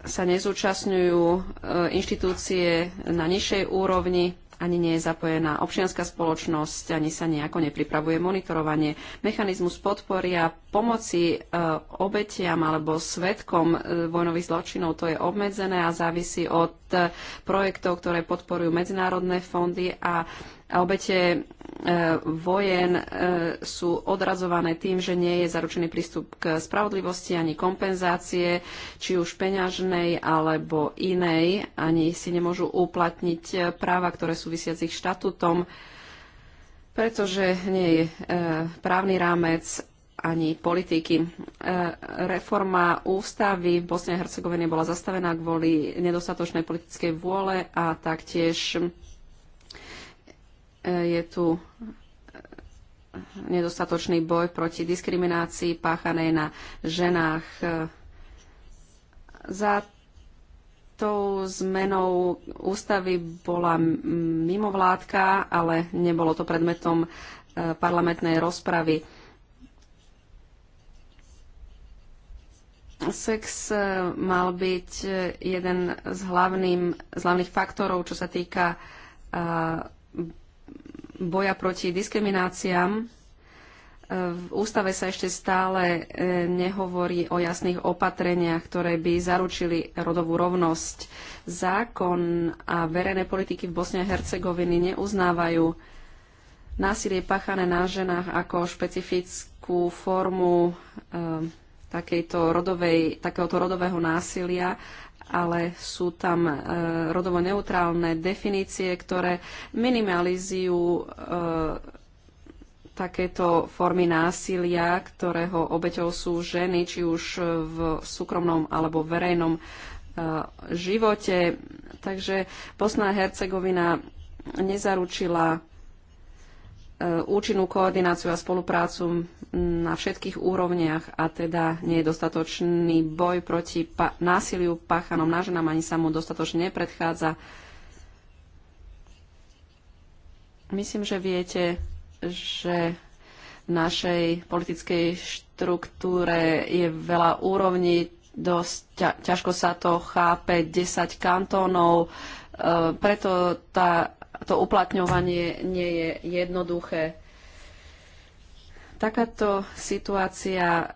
sa nezúčastňujú inštitúcie na nižšej úrovni ani nie je zapojená občianská spoločnosť, ani sa nejako nepripravuje monitorovanie. Mechanizmus podpory a pomoci e, obetiam alebo svetkom e, vojnových zločinov to je obmedzené a závisí od e, projektov, ktoré podporujú medzinárodné fondy a a obete e, vojen e, sú odrazované tým, že nie je zaručený prístup k spravodlivosti ani kompenzácie, či už peňažnej alebo inej. Ani si nemôžu uplatniť e, práva, ktoré súvisia s ich štatutom, pretože nie je právny rámec ani politiky. Reforma ústavy v Bosne a Hercegovine bola zastavená kvôli nedostatočnej politickej vôle a taktiež je tu eh, nedostatočný boj proti diskriminácii páchanej na ženách. Za tou zmenou ústavy bola mimovládka, ale nebolo to predmetom eh, parlamentnej rozpravy. Sex eh, mal byť jeden z, hlavným, z hlavných faktorov, čo sa týka boja proti diskrimináciám. E, v ústave sa ešte stále e, nehovorí o jasných opatreniach, ktoré by zaručili rodovú rovnosť. Zákon a verejné politiky v Bosne a Hercegoviny neuznávajú násilie páchané na ženách ako špecifickú formu e, takejto rodovej, takéhoto rodového násilia ale sú tam e, rodovo neutrálne definície, ktoré minimalizujú e, takéto formy násilia, ktorého obeťou sú ženy, či už v súkromnom alebo verejnom e, živote. Takže Bosna a Hercegovina nezaručila účinnú koordináciu a spoluprácu na všetkých úrovniach a teda nie je dostatočný boj proti pa- násiliu páchanom na ženám ani sa mu dostatočne nepredchádza. Myslím, že viete, že v našej politickej štruktúre je veľa úrovní, dosť ťažko sa to chápe, 10 kantónov, e, preto tá to uplatňovanie nie je jednoduché. Takáto situácia eh,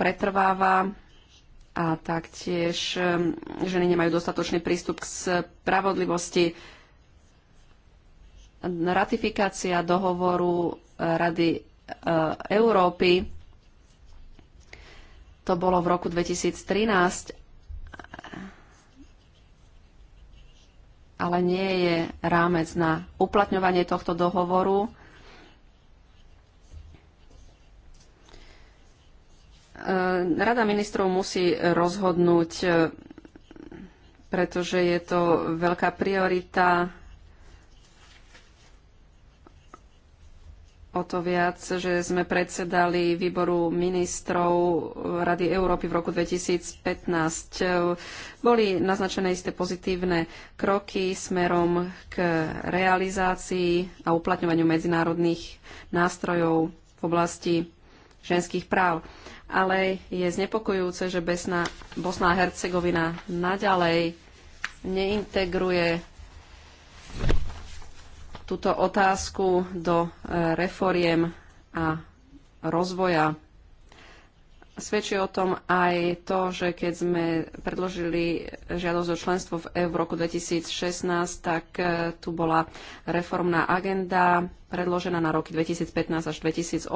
pretrváva a taktiež eh, ženy nemajú dostatočný prístup k spravodlivosti. Ratifikácia dohovoru eh, Rady Európy to bolo v roku 2013 ale nie je rámec na uplatňovanie tohto dohovoru. E, Rada ministrov musí rozhodnúť, e, pretože je to veľká priorita o to viac, že sme predsedali výboru ministrov Rady Európy v roku 2015. Boli naznačené isté pozitívne kroky smerom k realizácii a uplatňovaniu medzinárodných nástrojov v oblasti ženských práv. Ale je znepokojúce, že Besna, Bosna a Hercegovina naďalej neintegruje túto otázku do e, reforiem a rozvoja. Svedčí o tom aj to, že keď sme predložili žiadosť o členstvo v EU v roku 2016, tak e, tu bola reformná agenda predložená na roky 2015 až 2018,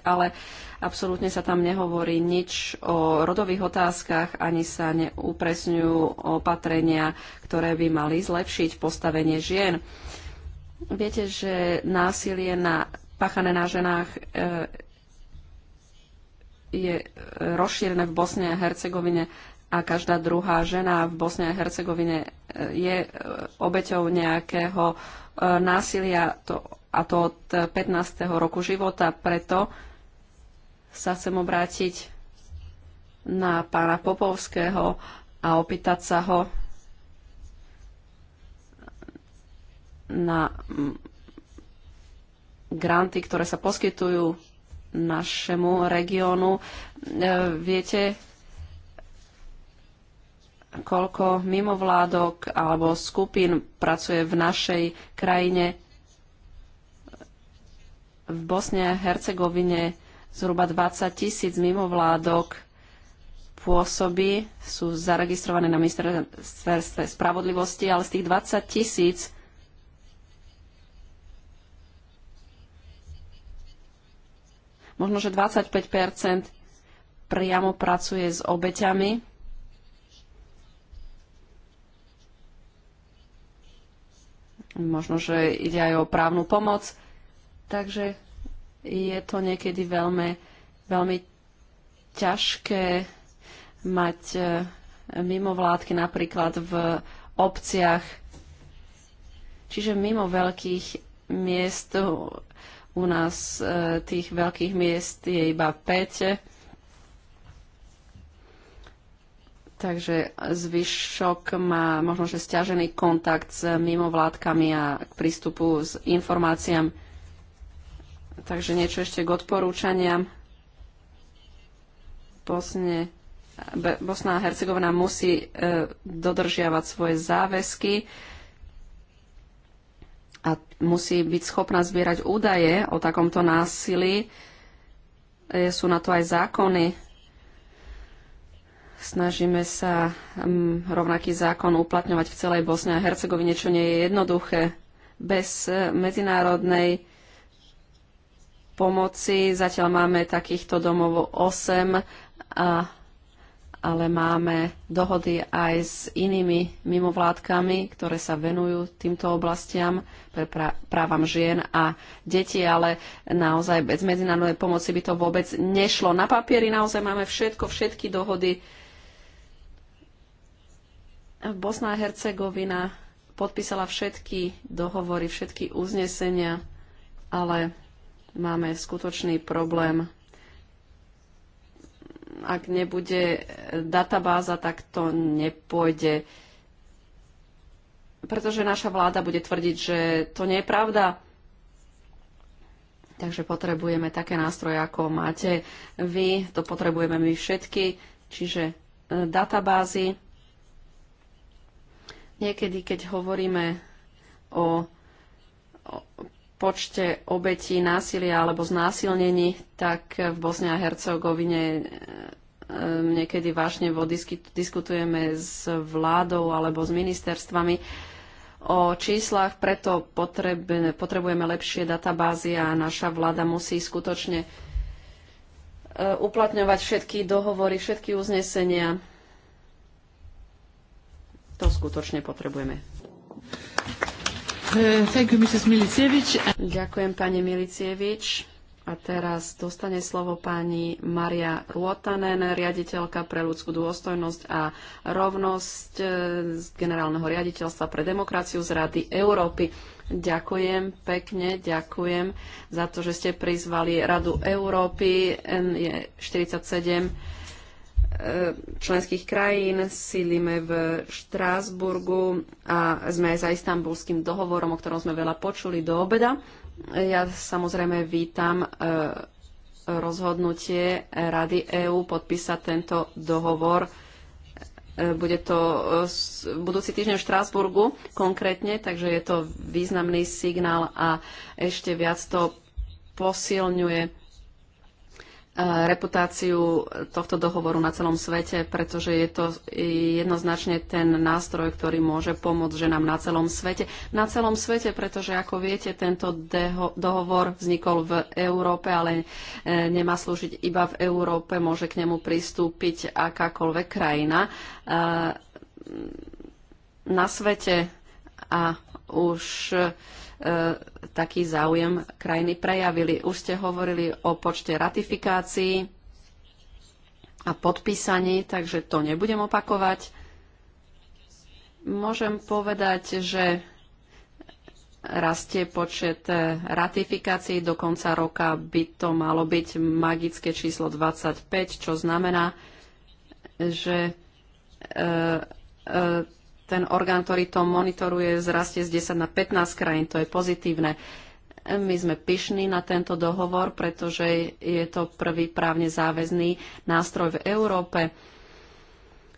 ale absolútne sa tam nehovorí nič o rodových otázkach, ani sa neupresňujú opatrenia, ktoré by mali zlepšiť postavenie žien. Viete, že násilie na, páchané na ženách e, je rozšírené v Bosne a Hercegovine a každá druhá žena v Bosne a Hercegovine e, je e, obeťou nejakého e, násilia to, a to od 15. roku života. Preto sa chcem obrátiť na pána Popovského a opýtať sa ho, na mm, granty, ktoré sa poskytujú našemu regiónu. E, viete, koľko mimovládok alebo skupín pracuje v našej krajine v Bosne a Hercegovine zhruba 20 tisíc mimovládok pôsoby sú zaregistrované na ministerstve spravodlivosti, ale z tých 20 tisíc možno že 25 priamo pracuje s obeťami. Možno, že ide aj o právnu pomoc. Takže je to niekedy veľmi, veľmi ťažké mať e, mimovládky napríklad v obciach, čiže mimo veľkých miest u nás e, tých veľkých miest je iba 5. Takže zvyšok má možno, že stiažený kontakt s mimovládkami a k prístupu s informáciám. Takže niečo ešte k odporúčaniam. Bosne, Bosna a Hercegovina musí e, dodržiavať svoje záväzky a musí byť schopná zbierať údaje o takomto násilí. E, sú na to aj zákony. Snažíme sa mm, rovnaký zákon uplatňovať v celej Bosne a Hercegovine, čo nie je jednoduché. Bez e, medzinárodnej pomoci zatiaľ máme takýchto domov 8 a ale máme dohody aj s inými mimovládkami, ktoré sa venujú týmto oblastiam pre právam žien a detí, ale naozaj bez medzinárodnej pomoci by to vôbec nešlo. Na papieri naozaj máme všetko, všetky dohody. Bosná a Hercegovina podpísala všetky dohovory, všetky uznesenia, ale máme skutočný problém ak nebude e, databáza, tak to nepôjde. Pretože naša vláda bude tvrdiť, že to nie je pravda. Takže potrebujeme také nástroje, ako máte vy, to potrebujeme my všetky, čiže e, databázy. Niekedy, keď hovoríme o, o počte obetí násilia alebo znásilnení, tak v Bosne a Hercegovine e, e, niekedy vážne diskutujeme s vládou alebo s ministerstvami o číslach, preto potrebujeme lepšie databázy a naša vláda musí skutočne e, uplatňovať všetky dohovory, všetky uznesenia. To skutočne potrebujeme. Uh, ďakujem pani Milicievič. A teraz dostane slovo pani Maria Ruotanen, riaditeľka pre ľudskú dôstojnosť a rovnosť eh, z Generálneho riaditeľstva pre demokraciu z Rady Európy. Ďakujem pekne, ďakujem za to, že ste prizvali Radu Európy. N je 47 E, členských krajín, sídlime v Štrásburgu a sme aj za istambulským dohovorom, o ktorom sme veľa počuli do obeda. Ja samozrejme vítam e, rozhodnutie Rady EÚ podpísať tento dohovor. E, bude to budúci týždeň v Štrásburgu konkrétne, takže je to významný signál a ešte viac to posilňuje E, reputáciu tohto dohovoru na celom svete, pretože je to jednoznačne ten nástroj, ktorý môže pomôcť ženám na celom svete. Na celom svete, pretože ako viete, tento dohovor vznikol v Európe, ale e, nemá slúžiť iba v Európe, môže k nemu pristúpiť akákoľvek krajina e, na svete a už E, taký záujem krajiny prejavili. Už ste hovorili o počte ratifikácií a podpísaní, takže to nebudem opakovať. Môžem povedať, že rastie počet ratifikácií. Do konca roka by to malo byť magické číslo 25, čo znamená, že e, e, ten orgán, ktorý to monitoruje, zrastie z 10 na 15 krajín. To je pozitívne. My sme pyšní na tento dohovor, pretože je to prvý právne záväzný nástroj v Európe.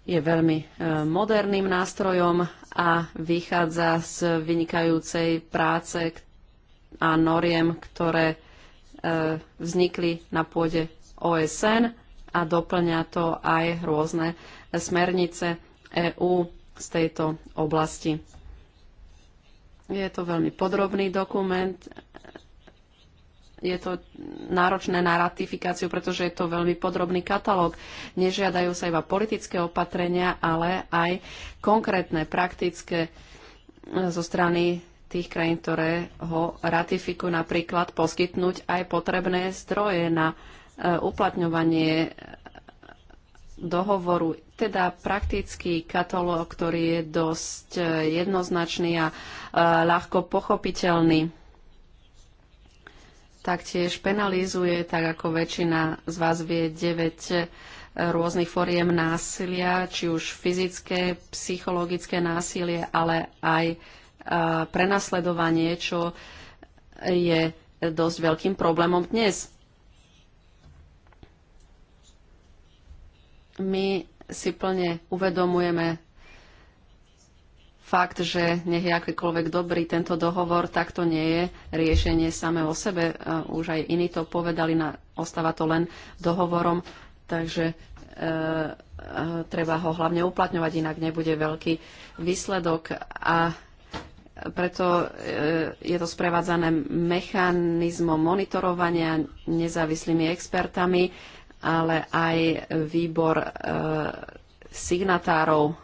Je veľmi e, moderným nástrojom a vychádza z vynikajúcej práce a noriem, ktoré e, vznikli na pôde OSN a doplňa to aj rôzne smernice EÚ z tejto oblasti. Je to veľmi podrobný dokument, je to náročné na ratifikáciu, pretože je to veľmi podrobný katalóg. Nežiadajú sa iba politické opatrenia, ale aj konkrétne, praktické zo strany tých krajín, ktoré ho ratifikujú, napríklad poskytnúť aj potrebné zdroje na e, uplatňovanie dohovoru. Teda praktický katalóg, ktorý je dosť e, jednoznačný a e, ľahko pochopiteľný. Taktiež penalizuje, tak ako väčšina z vás vie, 9 e, rôznych foriem násilia, či už fyzické, psychologické násilie, ale aj prenasledovanie, čo je dosť veľkým problémom dnes. My si plne uvedomujeme fakt, že nech je akýkoľvek dobrý tento dohovor, tak to nie je riešenie samé o sebe. Už aj iní to povedali, na, ostáva to len dohovorom, takže e, e, treba ho hlavne uplatňovať, inak nebude veľký výsledok. A preto e, je to sprevádzané mechanizmom monitorovania nezávislými expertami ale aj výbor e, signatárov.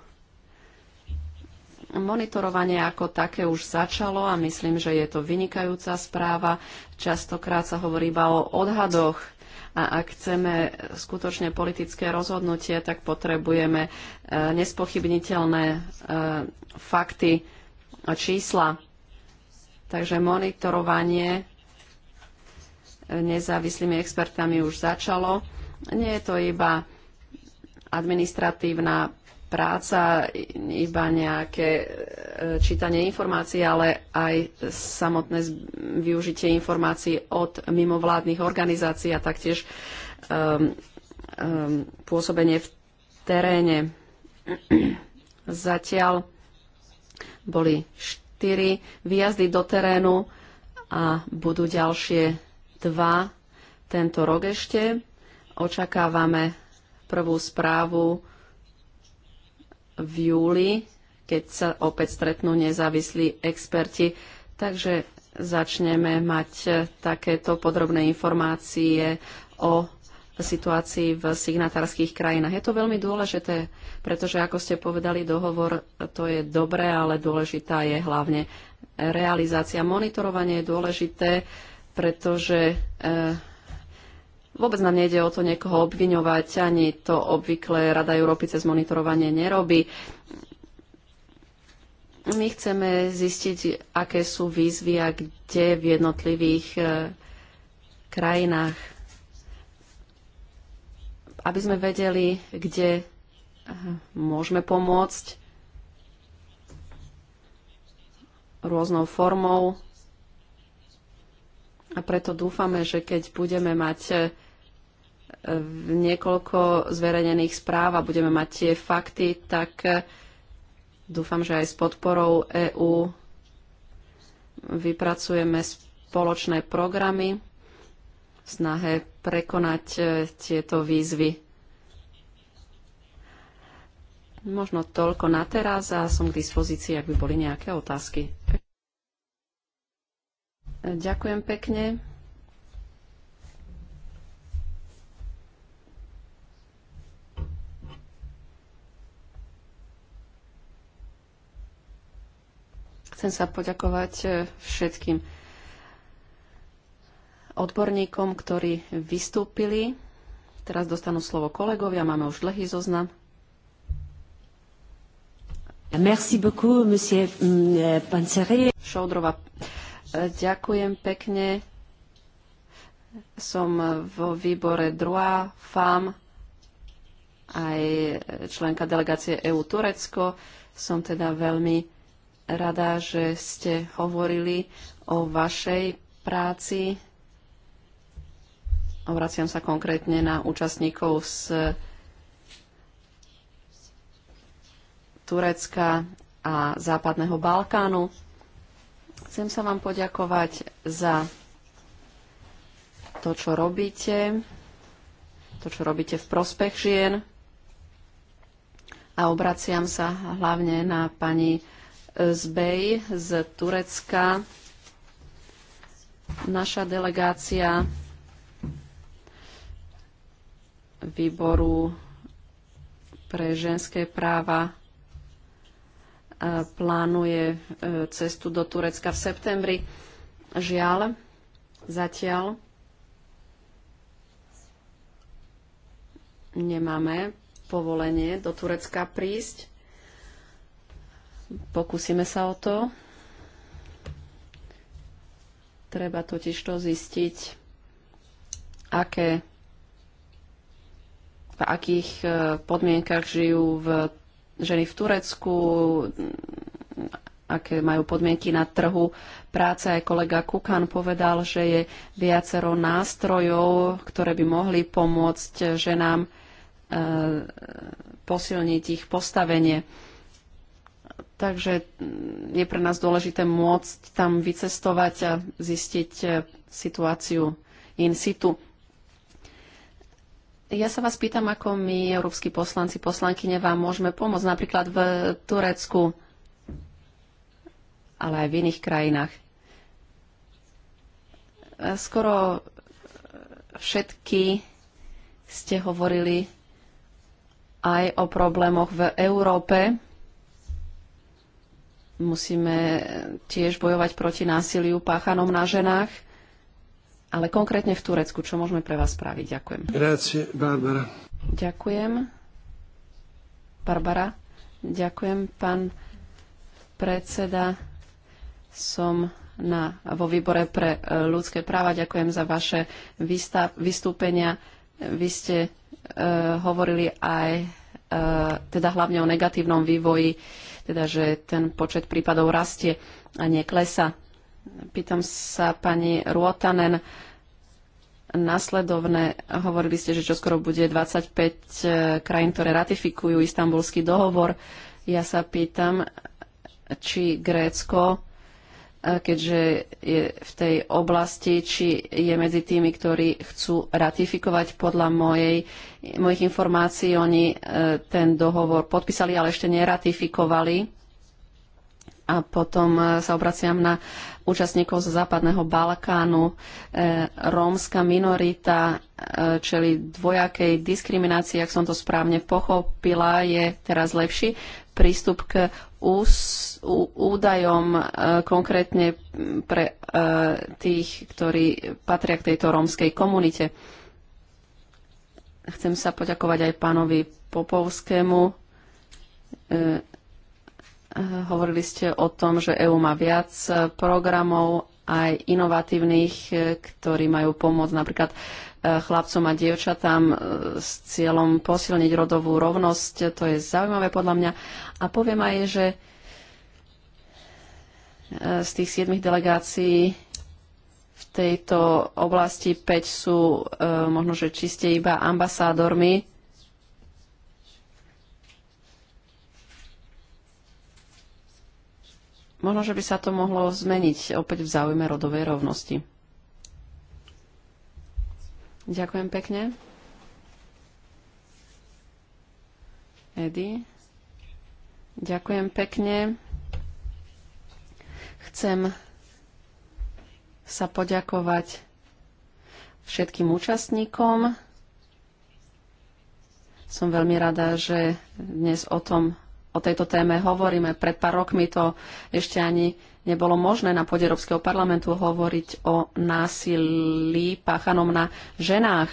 Monitorovanie ako také už začalo a myslím, že je to vynikajúca správa. Častokrát sa hovorí iba o odhadoch a ak chceme skutočne politické rozhodnutie, tak potrebujeme e, nespochybniteľné e, fakty a čísla. Takže monitorovanie nezávislými expertami už začalo nie je to iba administratívna práca, iba nejaké e, čítanie informácií, ale aj samotné využitie informácií od mimovládnych organizácií a taktiež um, um, pôsobenie v teréne. [clears throat] Zatiaľ boli štyri výjazdy do terénu a budú ďalšie dva tento rok ešte. Očakávame prvú správu v júli, keď sa opäť stretnú nezávislí experti. Takže začneme mať takéto podrobné informácie o situácii v signatárskych krajinách. Je to veľmi dôležité, pretože ako ste povedali, dohovor to je dobré, ale dôležitá je hlavne realizácia. Monitorovanie je dôležité, pretože Eh, Vôbec nám nejde o to niekoho obviňovať, ani to obvykle Rada Európy cez monitorovanie nerobí. My chceme zistiť, aké sú výzvy a kde v jednotlivých e, krajinách, aby sme vedeli, kde e, môžeme pomôcť rôznou formou. A preto dúfame, že keď budeme mať e, v niekoľko zverejnených správ a budeme mať tie fakty, tak e, dúfam, že aj s podporou EÚ vypracujeme spoločné programy v snahe prekonať e, tieto výzvy. Možno toľko na teraz a som k dispozícii, ak by boli nejaké otázky. E, ďakujem pekne. Chcem sa poďakovať e, všetkým odborníkom, ktorí vystúpili. Teraz dostanú slovo kolegovia, máme už dlhý zoznam. Merci beaucoup, monsieur mm, eh, Panseri. Šoudrova, e, ďakujem pekne. Som vo výbore druhá FAM, aj členka delegácie EU Turecko. Som teda veľmi rada, že ste hovorili o vašej práci. Obraciam sa konkrétne na účastníkov z Turecka a Západného Balkánu. Chcem sa vám poďakovať za to, čo robíte, to, čo robíte v prospech žien. A obraciam sa hlavne na pani Zbej z Turecka. Naša delegácia výboru pre ženské práva e, plánuje e, cestu do Turecka v septembri. Žiaľ, zatiaľ nemáme povolenie do Turecka prísť. Pokúsime sa o to. Treba totiž to zistiť, aké, v akých e, podmienkach žijú v, ženy v Turecku, aké majú podmienky na trhu práce. Aj kolega Kukan povedal, že je viacero nástrojov, ktoré by mohli pomôcť ženám e, posilniť ich postavenie. Takže je pre nás dôležité môcť tam vycestovať a zistiť e, situáciu in situ. Ja sa vás pýtam, ako my, európsky poslanci, poslankyne, vám môžeme pomôcť napríklad v Turecku, ale aj v iných krajinách. E, skoro všetky ste hovorili aj o problémoch v Európe. Musíme tiež bojovať proti násiliu páchanom na ženách, ale konkrétne v Turecku, čo môžeme pre vás spraviť? Ďakujem. Grazie, Barbara. Ďakujem. Barbara, ďakujem, pán predseda. Som na, vo výbore pre e, ľudské práva. Ďakujem za vaše vystá, vystúpenia. Vy ste e, hovorili aj E, teda hlavne o negatívnom vývoji, teda že ten počet prípadov rastie a neklesa. Pýtam sa pani Ruotanen nasledovne. Hovorili ste, že čoskoro bude 25 e, krajín, ktoré ratifikujú istambulský dohovor. Ja sa pýtam, či Grécko keďže je v tej oblasti, či je medzi tými, ktorí chcú ratifikovať podľa mojej, mojich informácií, oni e, ten dohovor podpísali, ale ešte neratifikovali. A potom e, sa obraciam na účastníkov zo Západného Balkánu. E, rómska minorita čeli dvojakej diskriminácii, ak som to správne pochopila, je teraz lepší prístup k ús, ú, údajom e, konkrétne pre e, tých, ktorí patria k tejto rómskej komunite. Chcem sa poďakovať aj pánovi Popovskému. E, e hovorili ste o tom, že EÚ má viac e, programov aj inovatívnych, e, ktorí majú pomôcť napríklad Eh, chlapcom a dievčatám eh, s cieľom posilniť rodovú rovnosť. To je zaujímavé podľa mňa. A poviem aj, že eh, z tých siedmých delegácií v tejto oblasti 5 sú možno, že čiste iba ambasádormi Možno, že by sa to mohlo zmeniť opäť v záujme rodovej rovnosti. Ďakujem pekne. Edy. Ďakujem pekne. Chcem sa poďakovať všetkým účastníkom. Som veľmi rada, že dnes o tom o tejto téme hovoríme. Pred pár rokmi to ešte ani nebolo možné na pôde Európskeho parlamentu hovoriť o násilí páchanom na ženách.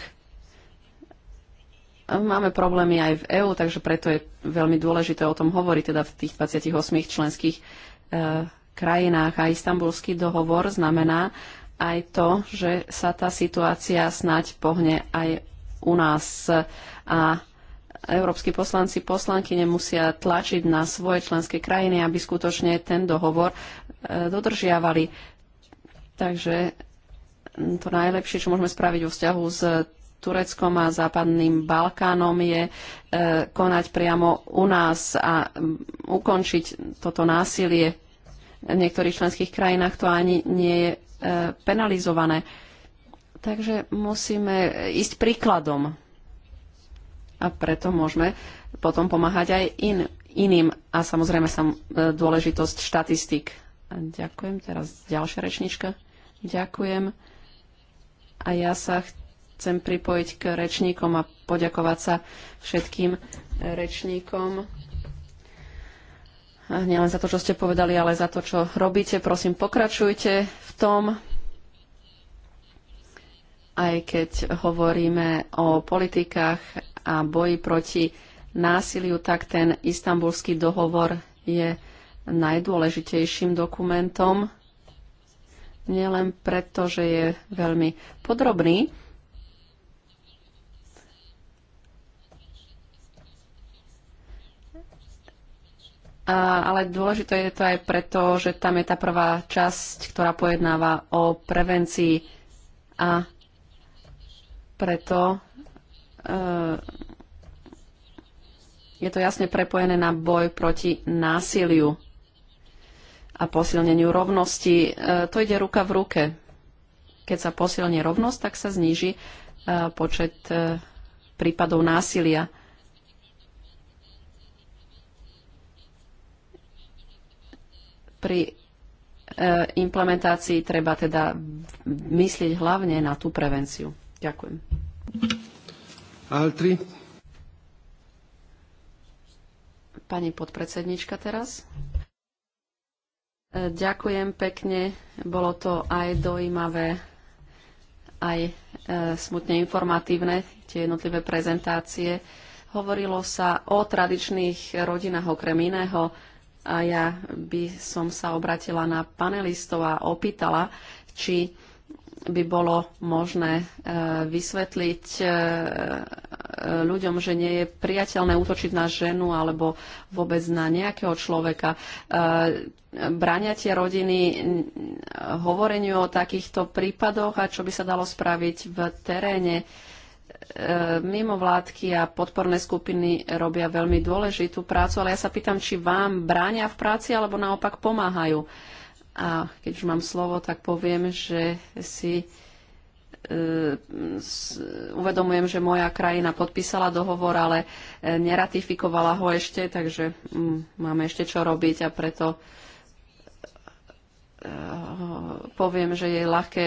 Máme problémy aj v EÚ, takže preto je veľmi dôležité o tom hovoriť, teda v tých 28 členských e, krajinách. A istambulský dohovor znamená aj to, že sa tá situácia snať pohne aj u nás. A európsky poslanci, poslanky nemusia tlačiť na svoje členské krajiny, aby skutočne ten dohovor e, dodržiavali. Takže to najlepšie, čo môžeme spraviť vo vzťahu s Tureckom a Západným Balkánom je e, konať priamo u nás a ukončiť toto násilie. V niektorých členských krajinách to ani nie je e, penalizované. Takže musíme ísť príkladom a preto môžeme potom pomáhať aj in, iným a samozrejme sam, e, dôležitosť štatistik. Ďakujem. Teraz ďalšia rečnička. Ďakujem. A ja sa chcem pripojiť k rečníkom a poďakovať sa všetkým e, rečníkom. Nielen za to, čo ste povedali, ale za to, čo robíte. Prosím, pokračujte v tom aj keď hovoríme o politikách a boji proti násiliu, tak ten istambulský dohovor je najdôležitejším dokumentom, nielen preto, že je veľmi podrobný, A, ale dôležité je to aj preto, že tam je tá prvá časť, ktorá pojednáva o prevencii a preto e, je to jasne prepojené na boj proti násiliu a posilneniu rovnosti. E, to ide ruka v ruke. Keď sa posilní rovnosť, tak sa zníži e, počet prípadov násilia. Pri implementácii treba teda myslieť hlavne na tú prevenciu. Ďakujem. Altri? Pani podpredsednička teraz. E, ďakujem pekne. Bolo to aj dojímavé, aj e, smutne informatívne, tie jednotlivé prezentácie. Hovorilo sa o tradičných rodinách okrem iného a ja by som sa obratila na panelistov a opýtala, či by bolo možné e, vysvetliť e, e, ľuďom, že nie je priateľné útočiť na ženu alebo vôbec na nejakého človeka. Bráňa tie rodiny hovoreniu o takýchto prípadoch a čo by sa dalo spraviť v teréne. Mimo vládky a podporné skupiny robia veľmi dôležitú prácu, ale ja sa pýtam, či vám bráňa v práci alebo naopak pomáhajú a keď už mám slovo, tak poviem, že si e, uvedomujem, že moja krajina podpísala dohovor, ale e, neratifikovala ho ešte, takže mm, máme ešte čo robiť a preto e, poviem, že je ľahké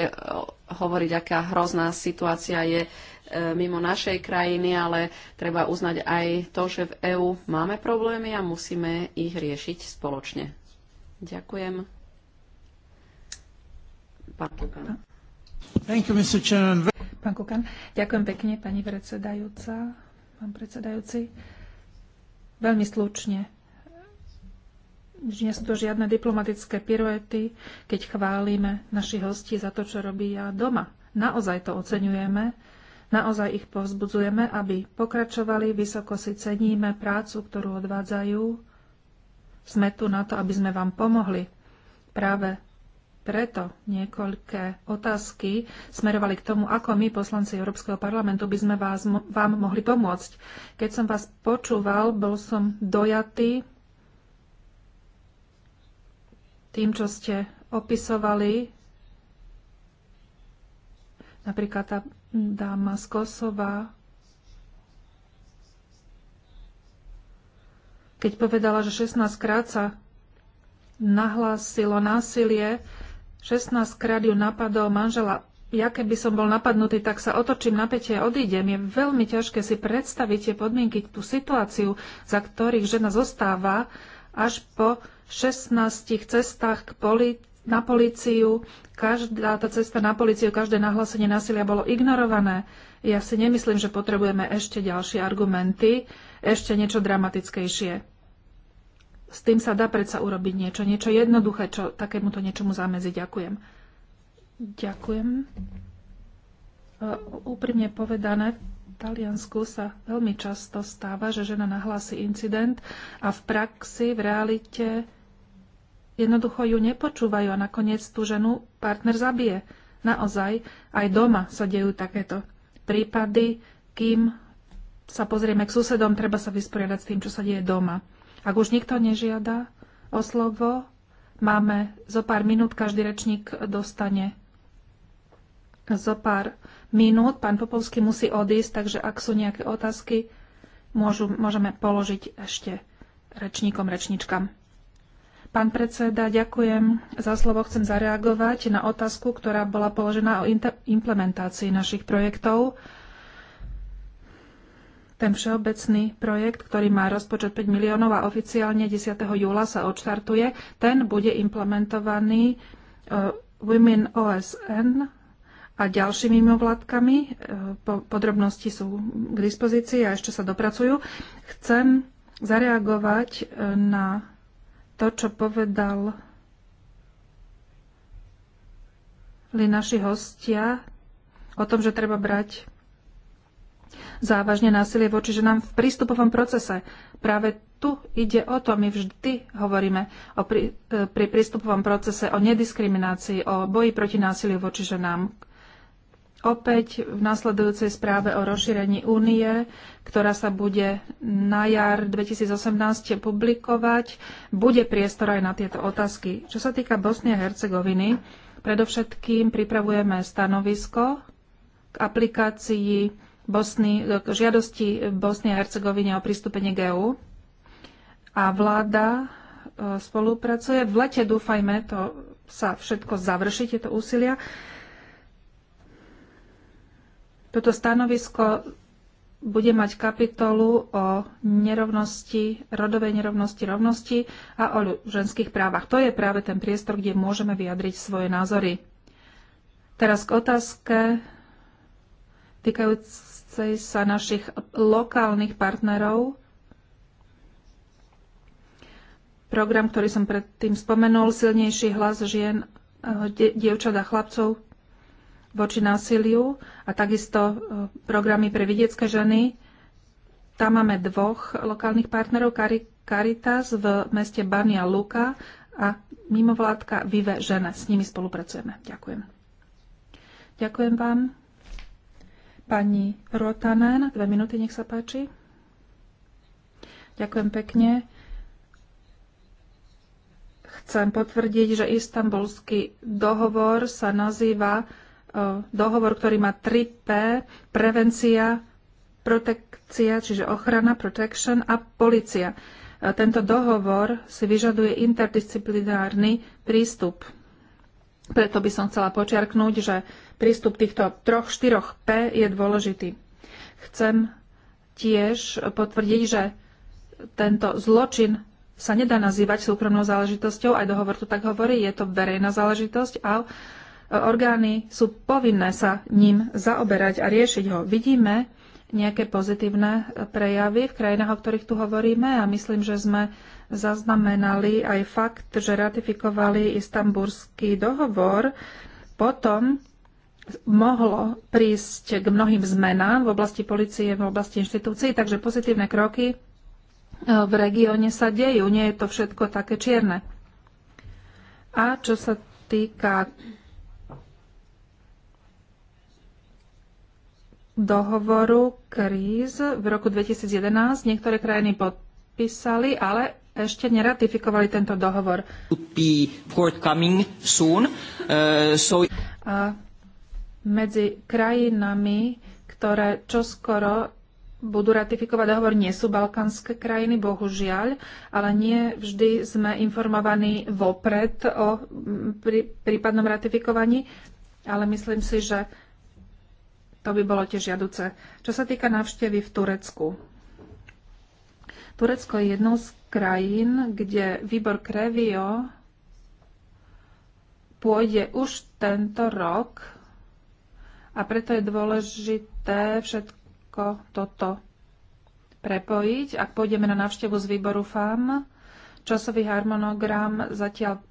hovoriť, aká hrozná situácia je mimo našej krajiny, ale treba uznať aj to, že v EÚ máme problémy a musíme ich riešiť spoločne. Ďakujem. Pán Kukan. Thank you, Mr. Chairman. Pán Kukan, ďakujem pekne, pani predsedajúca, pán predsedajúci. Veľmi slučne. Nie sú to žiadne diplomatické piruety, keď chválime našich hostí za to, čo robia doma. Naozaj to oceňujeme, naozaj ich povzbudzujeme, aby pokračovali, vysoko si ceníme prácu, ktorú odvádzajú. Sme tu na to, aby sme vám pomohli. Práve preto niekoľké otázky smerovali k tomu, ako my, poslanci Európskeho parlamentu, by sme vás, vám mohli pomôcť. Keď som vás počúval, bol som dojatý tým, čo ste opisovali. Napríklad tá dáma z Kosova, keď povedala, že 16 krát sa nahlásilo násilie 16 krát ju napadol manžela. Ja keby som bol napadnutý, tak sa otočím na pete a odídem. Je veľmi ťažké si predstaviť tie podmienky, tú situáciu, za ktorých žena zostáva až po 16 cestách k poli- na políciu. Každá tá cesta na políciu, každé nahlásenie násilia bolo ignorované. Ja si nemyslím, že potrebujeme ešte ďalšie argumenty, ešte niečo dramatickejšie s tým sa dá predsa urobiť niečo, niečo jednoduché, čo takémuto niečomu zamedzi. Ďakujem. Ďakujem. E, úprimne povedané, v Taliansku sa veľmi často stáva, že žena nahlási incident a v praxi, v realite jednoducho ju nepočúvajú a nakoniec tú ženu partner zabije. Naozaj, aj doma sa dejú takéto prípady, kým sa pozrieme k susedom, treba sa vysporiadať s tým, čo sa deje doma. Ak už nikto nežiada o slovo, máme zo pár minút, každý rečník dostane zo pár minút. Pán Popovský musí odísť, takže ak sú nejaké otázky, môžu, môžeme položiť ešte rečníkom, rečničkám. Pán predseda, ďakujem za slovo. Chcem zareagovať na otázku, ktorá bola položená o implementácii našich projektov. Ten všeobecný projekt, ktorý má rozpočet 5 miliónov a oficiálne 10. júla sa odštartuje, ten bude implementovaný e, Women OSN a ďalšími mimovládkami. E, podrobnosti sú k dispozícii a ešte sa dopracujú. Chcem zareagovať e, na to, čo povedal naši hostia o tom, že treba brať závažne násilie voči ženám v prístupovom procese. Práve tu ide o to, my vždy hovoríme o pri, e, pri prístupovom procese o nediskriminácii, o boji proti násiliu voči ženám. Opäť v nasledujúcej správe o rozšírení únie, ktorá sa bude na jar 2018 publikovať, bude priestor aj na tieto otázky. Čo sa týka Bosnie a Hercegoviny, predovšetkým pripravujeme stanovisko k aplikácii Bosny, e, k žiadosti Bosny a Hercegovine o pristúpenie k EU. A vláda e, spolupracuje. V lete, dúfajme, to sa všetko završí, tieto úsilia. Toto stanovisko bude mať kapitolu o nerovnosti, rodovej nerovnosti, rovnosti a o ženských právach. To je práve ten priestor, kde môžeme vyjadriť svoje názory. Teraz k otázke týkajúce viacej sa našich lokálnych partnerov. Program, ktorý som predtým spomenul, silnejší hlas žien, eh, dievčat a chlapcov voči násiliu a takisto eh, programy pre vidiecké ženy. Tam máme dvoch lokálnych partnerov, Caritas v meste Bania Luka a mimovládka Vive Žene. S nimi spolupracujeme. Ďakujem. Ďakujem vám. Pani Rotanen, dve minúty, nech sa páči. Ďakujem pekne. Chcem potvrdiť, že istambulský dohovor sa nazýva e, dohovor, ktorý má 3P, prevencia, protekcia, čiže ochrana, protection a policia. E, tento dohovor si vyžaduje interdisciplinárny prístup. Preto by som chcela počiarknúť, že prístup týchto troch, štyroch P je dôležitý. Chcem tiež potvrdiť, že tento zločin sa nedá nazývať súkromnou záležitosťou, aj dohovor to tak hovorí, je to verejná záležitosť a orgány sú povinné sa ním zaoberať a riešiť ho. Vidíme nejaké pozitívne prejavy v krajinách, o ktorých tu hovoríme a myslím, že sme zaznamenali aj fakt, že ratifikovali istambulský dohovor potom, mohlo prísť k mnohým zmenám v oblasti policie, v oblasti inštitúcií, takže pozitívne kroky e, v regióne sa dejú. Nie je to všetko také čierne. A čo sa týka dohovoru kríz v roku 2011 niektoré krajiny podpísali, ale ešte neratifikovali tento dohovor. uh, medzi krajinami, ktoré čoskoro budú ratifikovať dohovor, nie sú balkánske krajiny, bohužiaľ, ale nie vždy sme informovaní vopred o prípadnom ratifikovaní, ale myslím si, že to by bolo tiež žiaduce. Čo sa týka návštevy v Turecku. Turecko je jednou z krajín, kde výbor Krevio pôjde už tento rok a preto je dôležité všetko toto prepojiť. Ak pôjdeme na návštevu z výboru FAM, časový harmonogram zatiaľ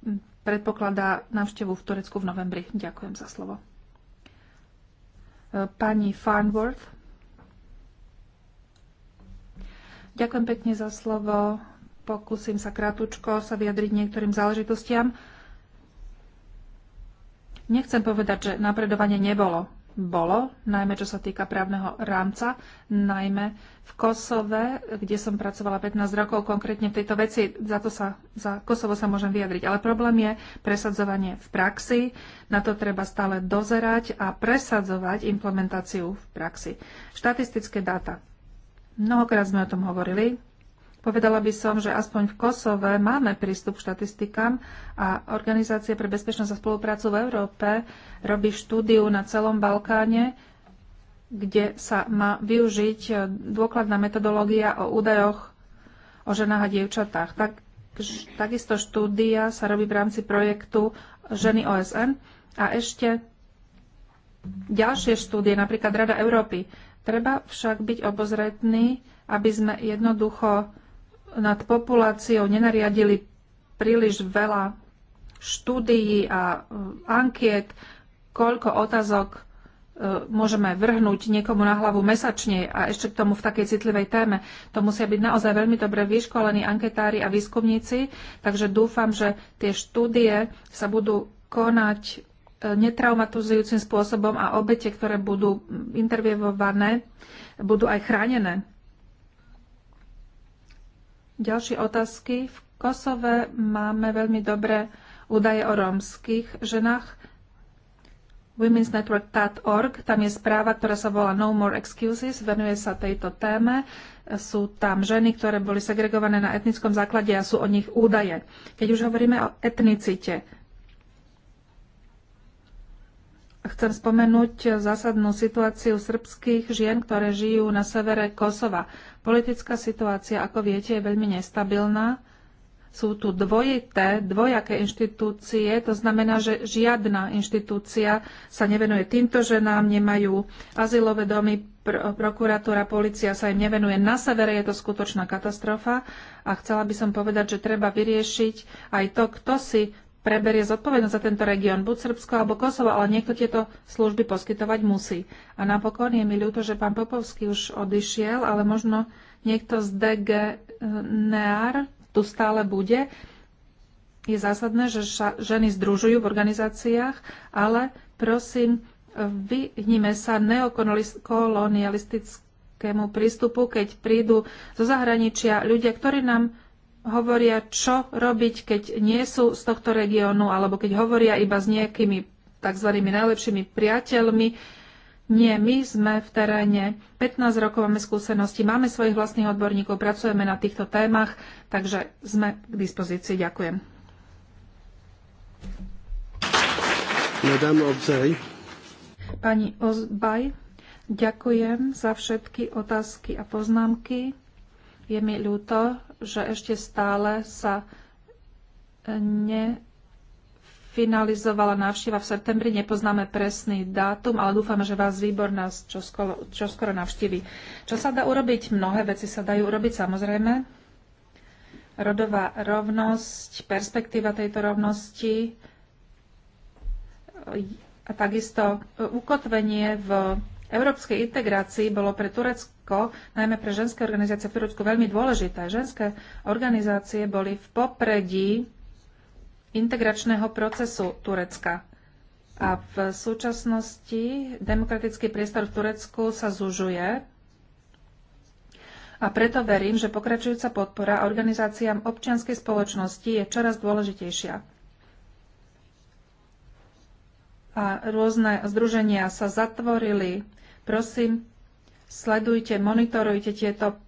predpokladá návštevu v Turecku v novembri. Ďakujem za slovo. E, pani Farnworth. Ďakujem pekne za slovo. Pokúsim sa krátko sa vyjadriť niektorým záležitostiam. Nechcem povedať, že napredovanie nebolo bolo, najmä čo sa týka právneho rámca, najmä v Kosove, kde som pracovala 15 rokov konkrétne v tejto veci, za to sa, za Kosovo sa môžem vyjadriť. Ale problém je presadzovanie v praxi, na to treba stále dozerať a presadzovať implementáciu v praxi. Štatistické dáta. Mnohokrát sme o tom hovorili. Povedala by som, že aspoň v Kosove máme prístup k štatistikám a Organizácia pre bezpečnosť a spoluprácu v Európe robí štúdiu na celom Balkáne, kde sa má využiť e, dôkladná metodológia o údajoch o ženách a dievčatách. Tak, takisto štúdia sa robí v rámci projektu Ženy OSN a ešte ďalšie štúdie, napríklad Rada Európy. Treba však byť obozretný, aby sme jednoducho nad populáciou nenariadili príliš veľa štúdií a e, ankiet, koľko otázok e, môžeme vrhnúť niekomu na hlavu mesačne a ešte k tomu v takej citlivej téme. To musia byť naozaj veľmi dobre vyškolení anketári a výskumníci, takže dúfam, že tie štúdie sa budú konať e, netraumatizujúcim spôsobom a obete, ktoré budú intervievované, budú aj chránené. Ďalšie otázky. V Kosove máme veľmi dobré údaje o rómskych ženách. Women's Network tam je správa, ktorá sa volá No More Excuses, venuje sa tejto téme. Sú tam ženy, ktoré boli segregované na etnickom základe a sú o nich údaje. Keď už hovoríme o etnicite, chcem spomenúť zásadnú situáciu srbských žien, ktoré žijú na severe Kosova. Politická situácia, ako viete, je veľmi nestabilná. Sú tu dvojité, dvojaké inštitúcie, to znamená, že žiadna inštitúcia sa nevenuje týmto ženám, nemajú azylové domy, pr- prokuratúra, policia sa im nevenuje. Na severe je to skutočná katastrofa a chcela by som povedať, že treba vyriešiť aj to, kto si preberie zodpovednosť za tento región, buď Srbsko alebo Kosovo, ale niekto tieto služby poskytovať musí. A napokon je mi ľúto, že pán Popovský už odišiel, ale možno niekto z DG eh, NEAR tu stále bude. Je zásadné, že ženy združujú v organizáciách, ale prosím, vyhnime sa neokolonialistickému prístupu, keď prídu zo zahraničia ľudia, ktorí nám hovoria, čo robiť, keď nie sú z tohto regiónu, alebo keď hovoria iba s nejakými tzv. najlepšími priateľmi. Nie, my sme v teréne, 15 rokov máme skúsenosti, máme svojich vlastných odborníkov, pracujeme na týchto témach, takže sme k dispozícii. Ďakujem. Pani Ozbaj, ďakujem za všetky otázky a poznámky. Je mi ľúto, že ešte stále sa nefinalizovala návšteva v septembri. Nepoznáme presný dátum, ale dúfame, že vás výbor nás čoskoro, čoskoro navštívi. Čo sa dá urobiť? Mnohé veci sa dajú urobiť, samozrejme rodová rovnosť, perspektíva tejto rovnosti a takisto ukotvenie v európskej integrácii bolo pre Turecko, najmä pre ženské organizácie v Turecku, veľmi dôležité. Ženské organizácie boli v popredí integračného procesu Turecka. A v súčasnosti demokratický priestor v Turecku sa zužuje a preto verím, že pokračujúca podpora organizáciám občianskej spoločnosti je čoraz dôležitejšia. A rôzne združenia sa zatvorili, Prosím, sledujte, monitorujte tieto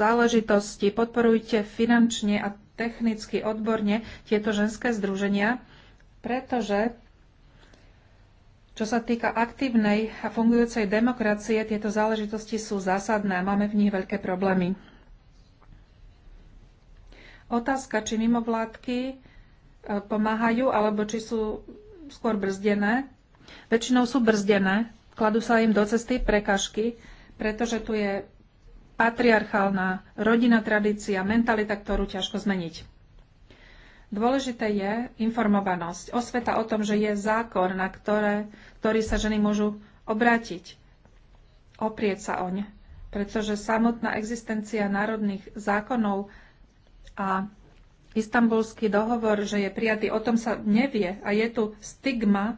záležitosti, podporujte finančne a technicky, odborne tieto ženské združenia, pretože čo sa týka aktívnej a fungujúcej demokracie, tieto záležitosti sú zásadné a máme v nich veľké problémy. Otázka, či mimovládky e, pomáhajú, alebo či sú skôr brzdené. Väčšinou sú brzdené kladú sa im do cesty prekažky, pretože tu je patriarchálna rodina, tradícia, mentalita, ktorú ťažko zmeniť. Dôležité je informovanosť, osveta o tom, že je zákon, na ktoré, ktorý sa ženy môžu obrátiť, oprieť sa oň, pretože samotná existencia národných zákonov a istambulský dohovor, že je prijatý, o tom sa nevie a je tu stigma,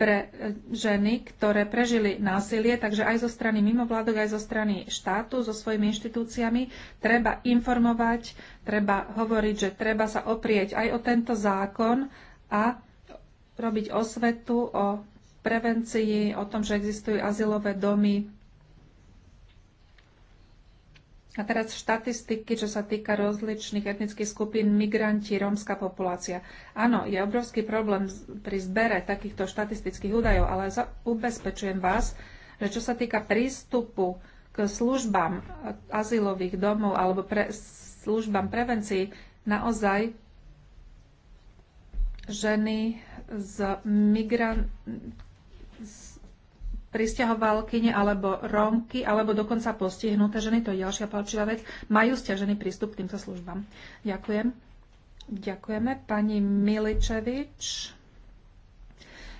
pre e, ženy, ktoré prežili násilie, takže aj zo strany mimovládok, aj zo strany štátu, so svojimi inštitúciami, treba informovať, treba hovoriť, že treba sa oprieť aj o tento zákon a robiť osvetu o prevencii, o tom, že existujú azylové domy, a teraz štatistiky, čo sa týka rozličných etnických skupín, migranti, rómska populácia. Áno, je obrovský problém pri zbere takýchto štatistických údajov, ale ubezpečujem vás, že čo sa týka prístupu k službám azylových domov alebo pre, službám prevencií, naozaj ženy z, migran- z pristahovalkyne alebo Rómky, alebo dokonca postihnuté ženy, to je ďalšia palčivá vec, majú stiažený prístup k týmto službám. Ďakujem. Ďakujeme. Pani Miličevič.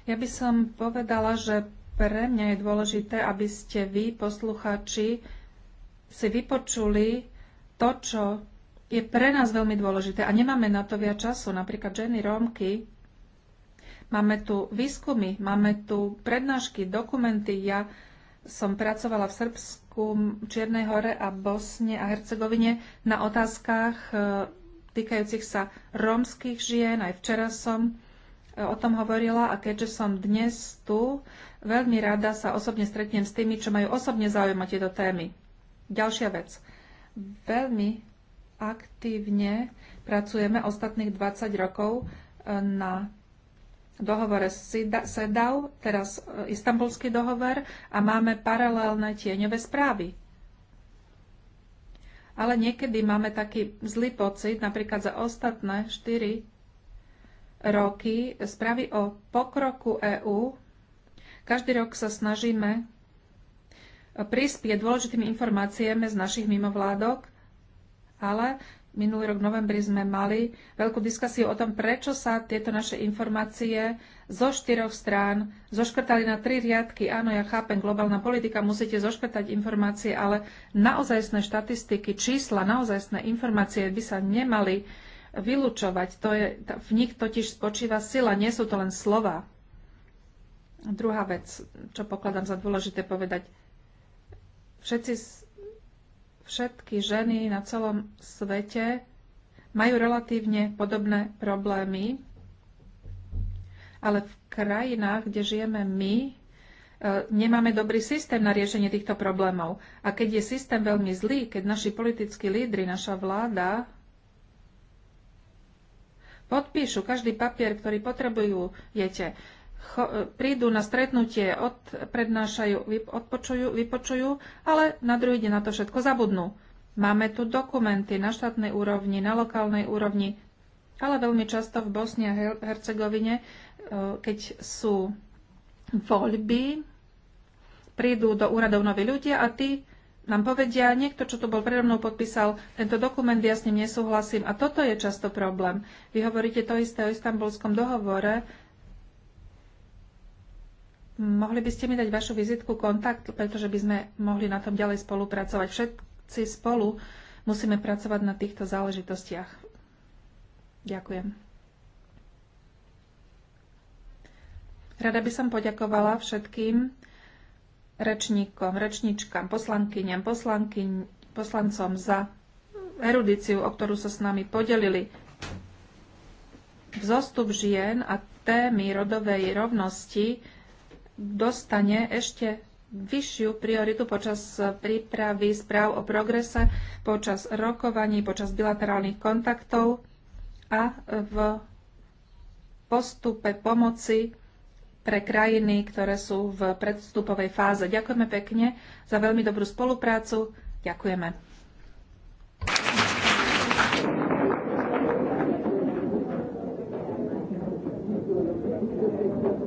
Ja by som povedala, že pre mňa je dôležité, aby ste vy, posluchači, si vypočuli to, čo je pre nás veľmi dôležité a nemáme na to viac času. Napríklad ženy Rómky Máme tu výskumy, máme tu prednášky, dokumenty. Ja som pracovala v Srbsku, Čiernej hore a Bosne a Hercegovine na otázkach e, týkajúcich sa rómskych žien. Aj včera som e, o tom hovorila a keďže som dnes tu, veľmi rada sa osobne stretnem s tými, čo majú osobne záujem tieto témy. Ďalšia vec. Veľmi aktívne pracujeme ostatných 20 rokov e, na dohovore Sedal, teraz e, istambulský dohovor a máme paralelné tieňové správy. Ale niekedy máme taký zlý pocit, napríklad za ostatné 4 roky správy o pokroku EÚ. Každý rok sa snažíme e, prispieť dôležitými informáciami z našich mimovládok, ale minulý rok v novembri sme mali veľkú diskusiu o tom, prečo sa tieto naše informácie zo štyroch strán zoškrtali na tri riadky. Áno, ja chápem, globálna politika, musíte zoškrtať informácie, ale naozajstné štatistiky, čísla, naozajstné informácie by sa nemali vylúčovať. To je, v nich totiž spočíva sila, nie sú to len slova. Druhá vec, čo pokladám za dôležité povedať. Všetci všetky ženy na celom svete majú relatívne podobné problémy, ale v krajinách, kde žijeme my, e, nemáme dobrý systém na riešenie týchto problémov. A keď je systém veľmi zlý, keď naši politickí lídry, naša vláda podpíšu každý papier, ktorý potrebujú, viete, E, prídu na stretnutie, od, prednášajú, odpočujú, vypočujú, ale na druhý deň na to všetko zabudnú. Máme tu dokumenty na štátnej úrovni, na lokálnej úrovni, ale veľmi často v Bosni a Hercegovine, e, keď sú voľby, prídu do úradov noví ľudia a tí nám povedia, niekto, čo tu bol predo mnou, podpísal tento dokument, ja s ním nesúhlasím. A toto je často problém. Vy hovoríte to isté o istambulskom dohovore, Mohli by ste mi dať vašu vizitku, kontakt, pretože by sme mohli na tom ďalej spolupracovať. Všetci spolu musíme pracovať na týchto záležitostiach. Ďakujem. Rada by som poďakovala všetkým rečníkom, rečníčkam, poslankyňam, poslankyň, poslancom za erudíciu, o ktorú sa s nami podelili. Vzostup žien a témy rodovej rovnosti dostane ešte vyššiu prioritu počas prípravy správ o progrese, počas rokovaní, počas bilaterálnych kontaktov a v postupe pomoci pre krajiny, ktoré sú v predstupovej fáze. Ďakujeme pekne za veľmi dobrú spoluprácu. Ďakujeme.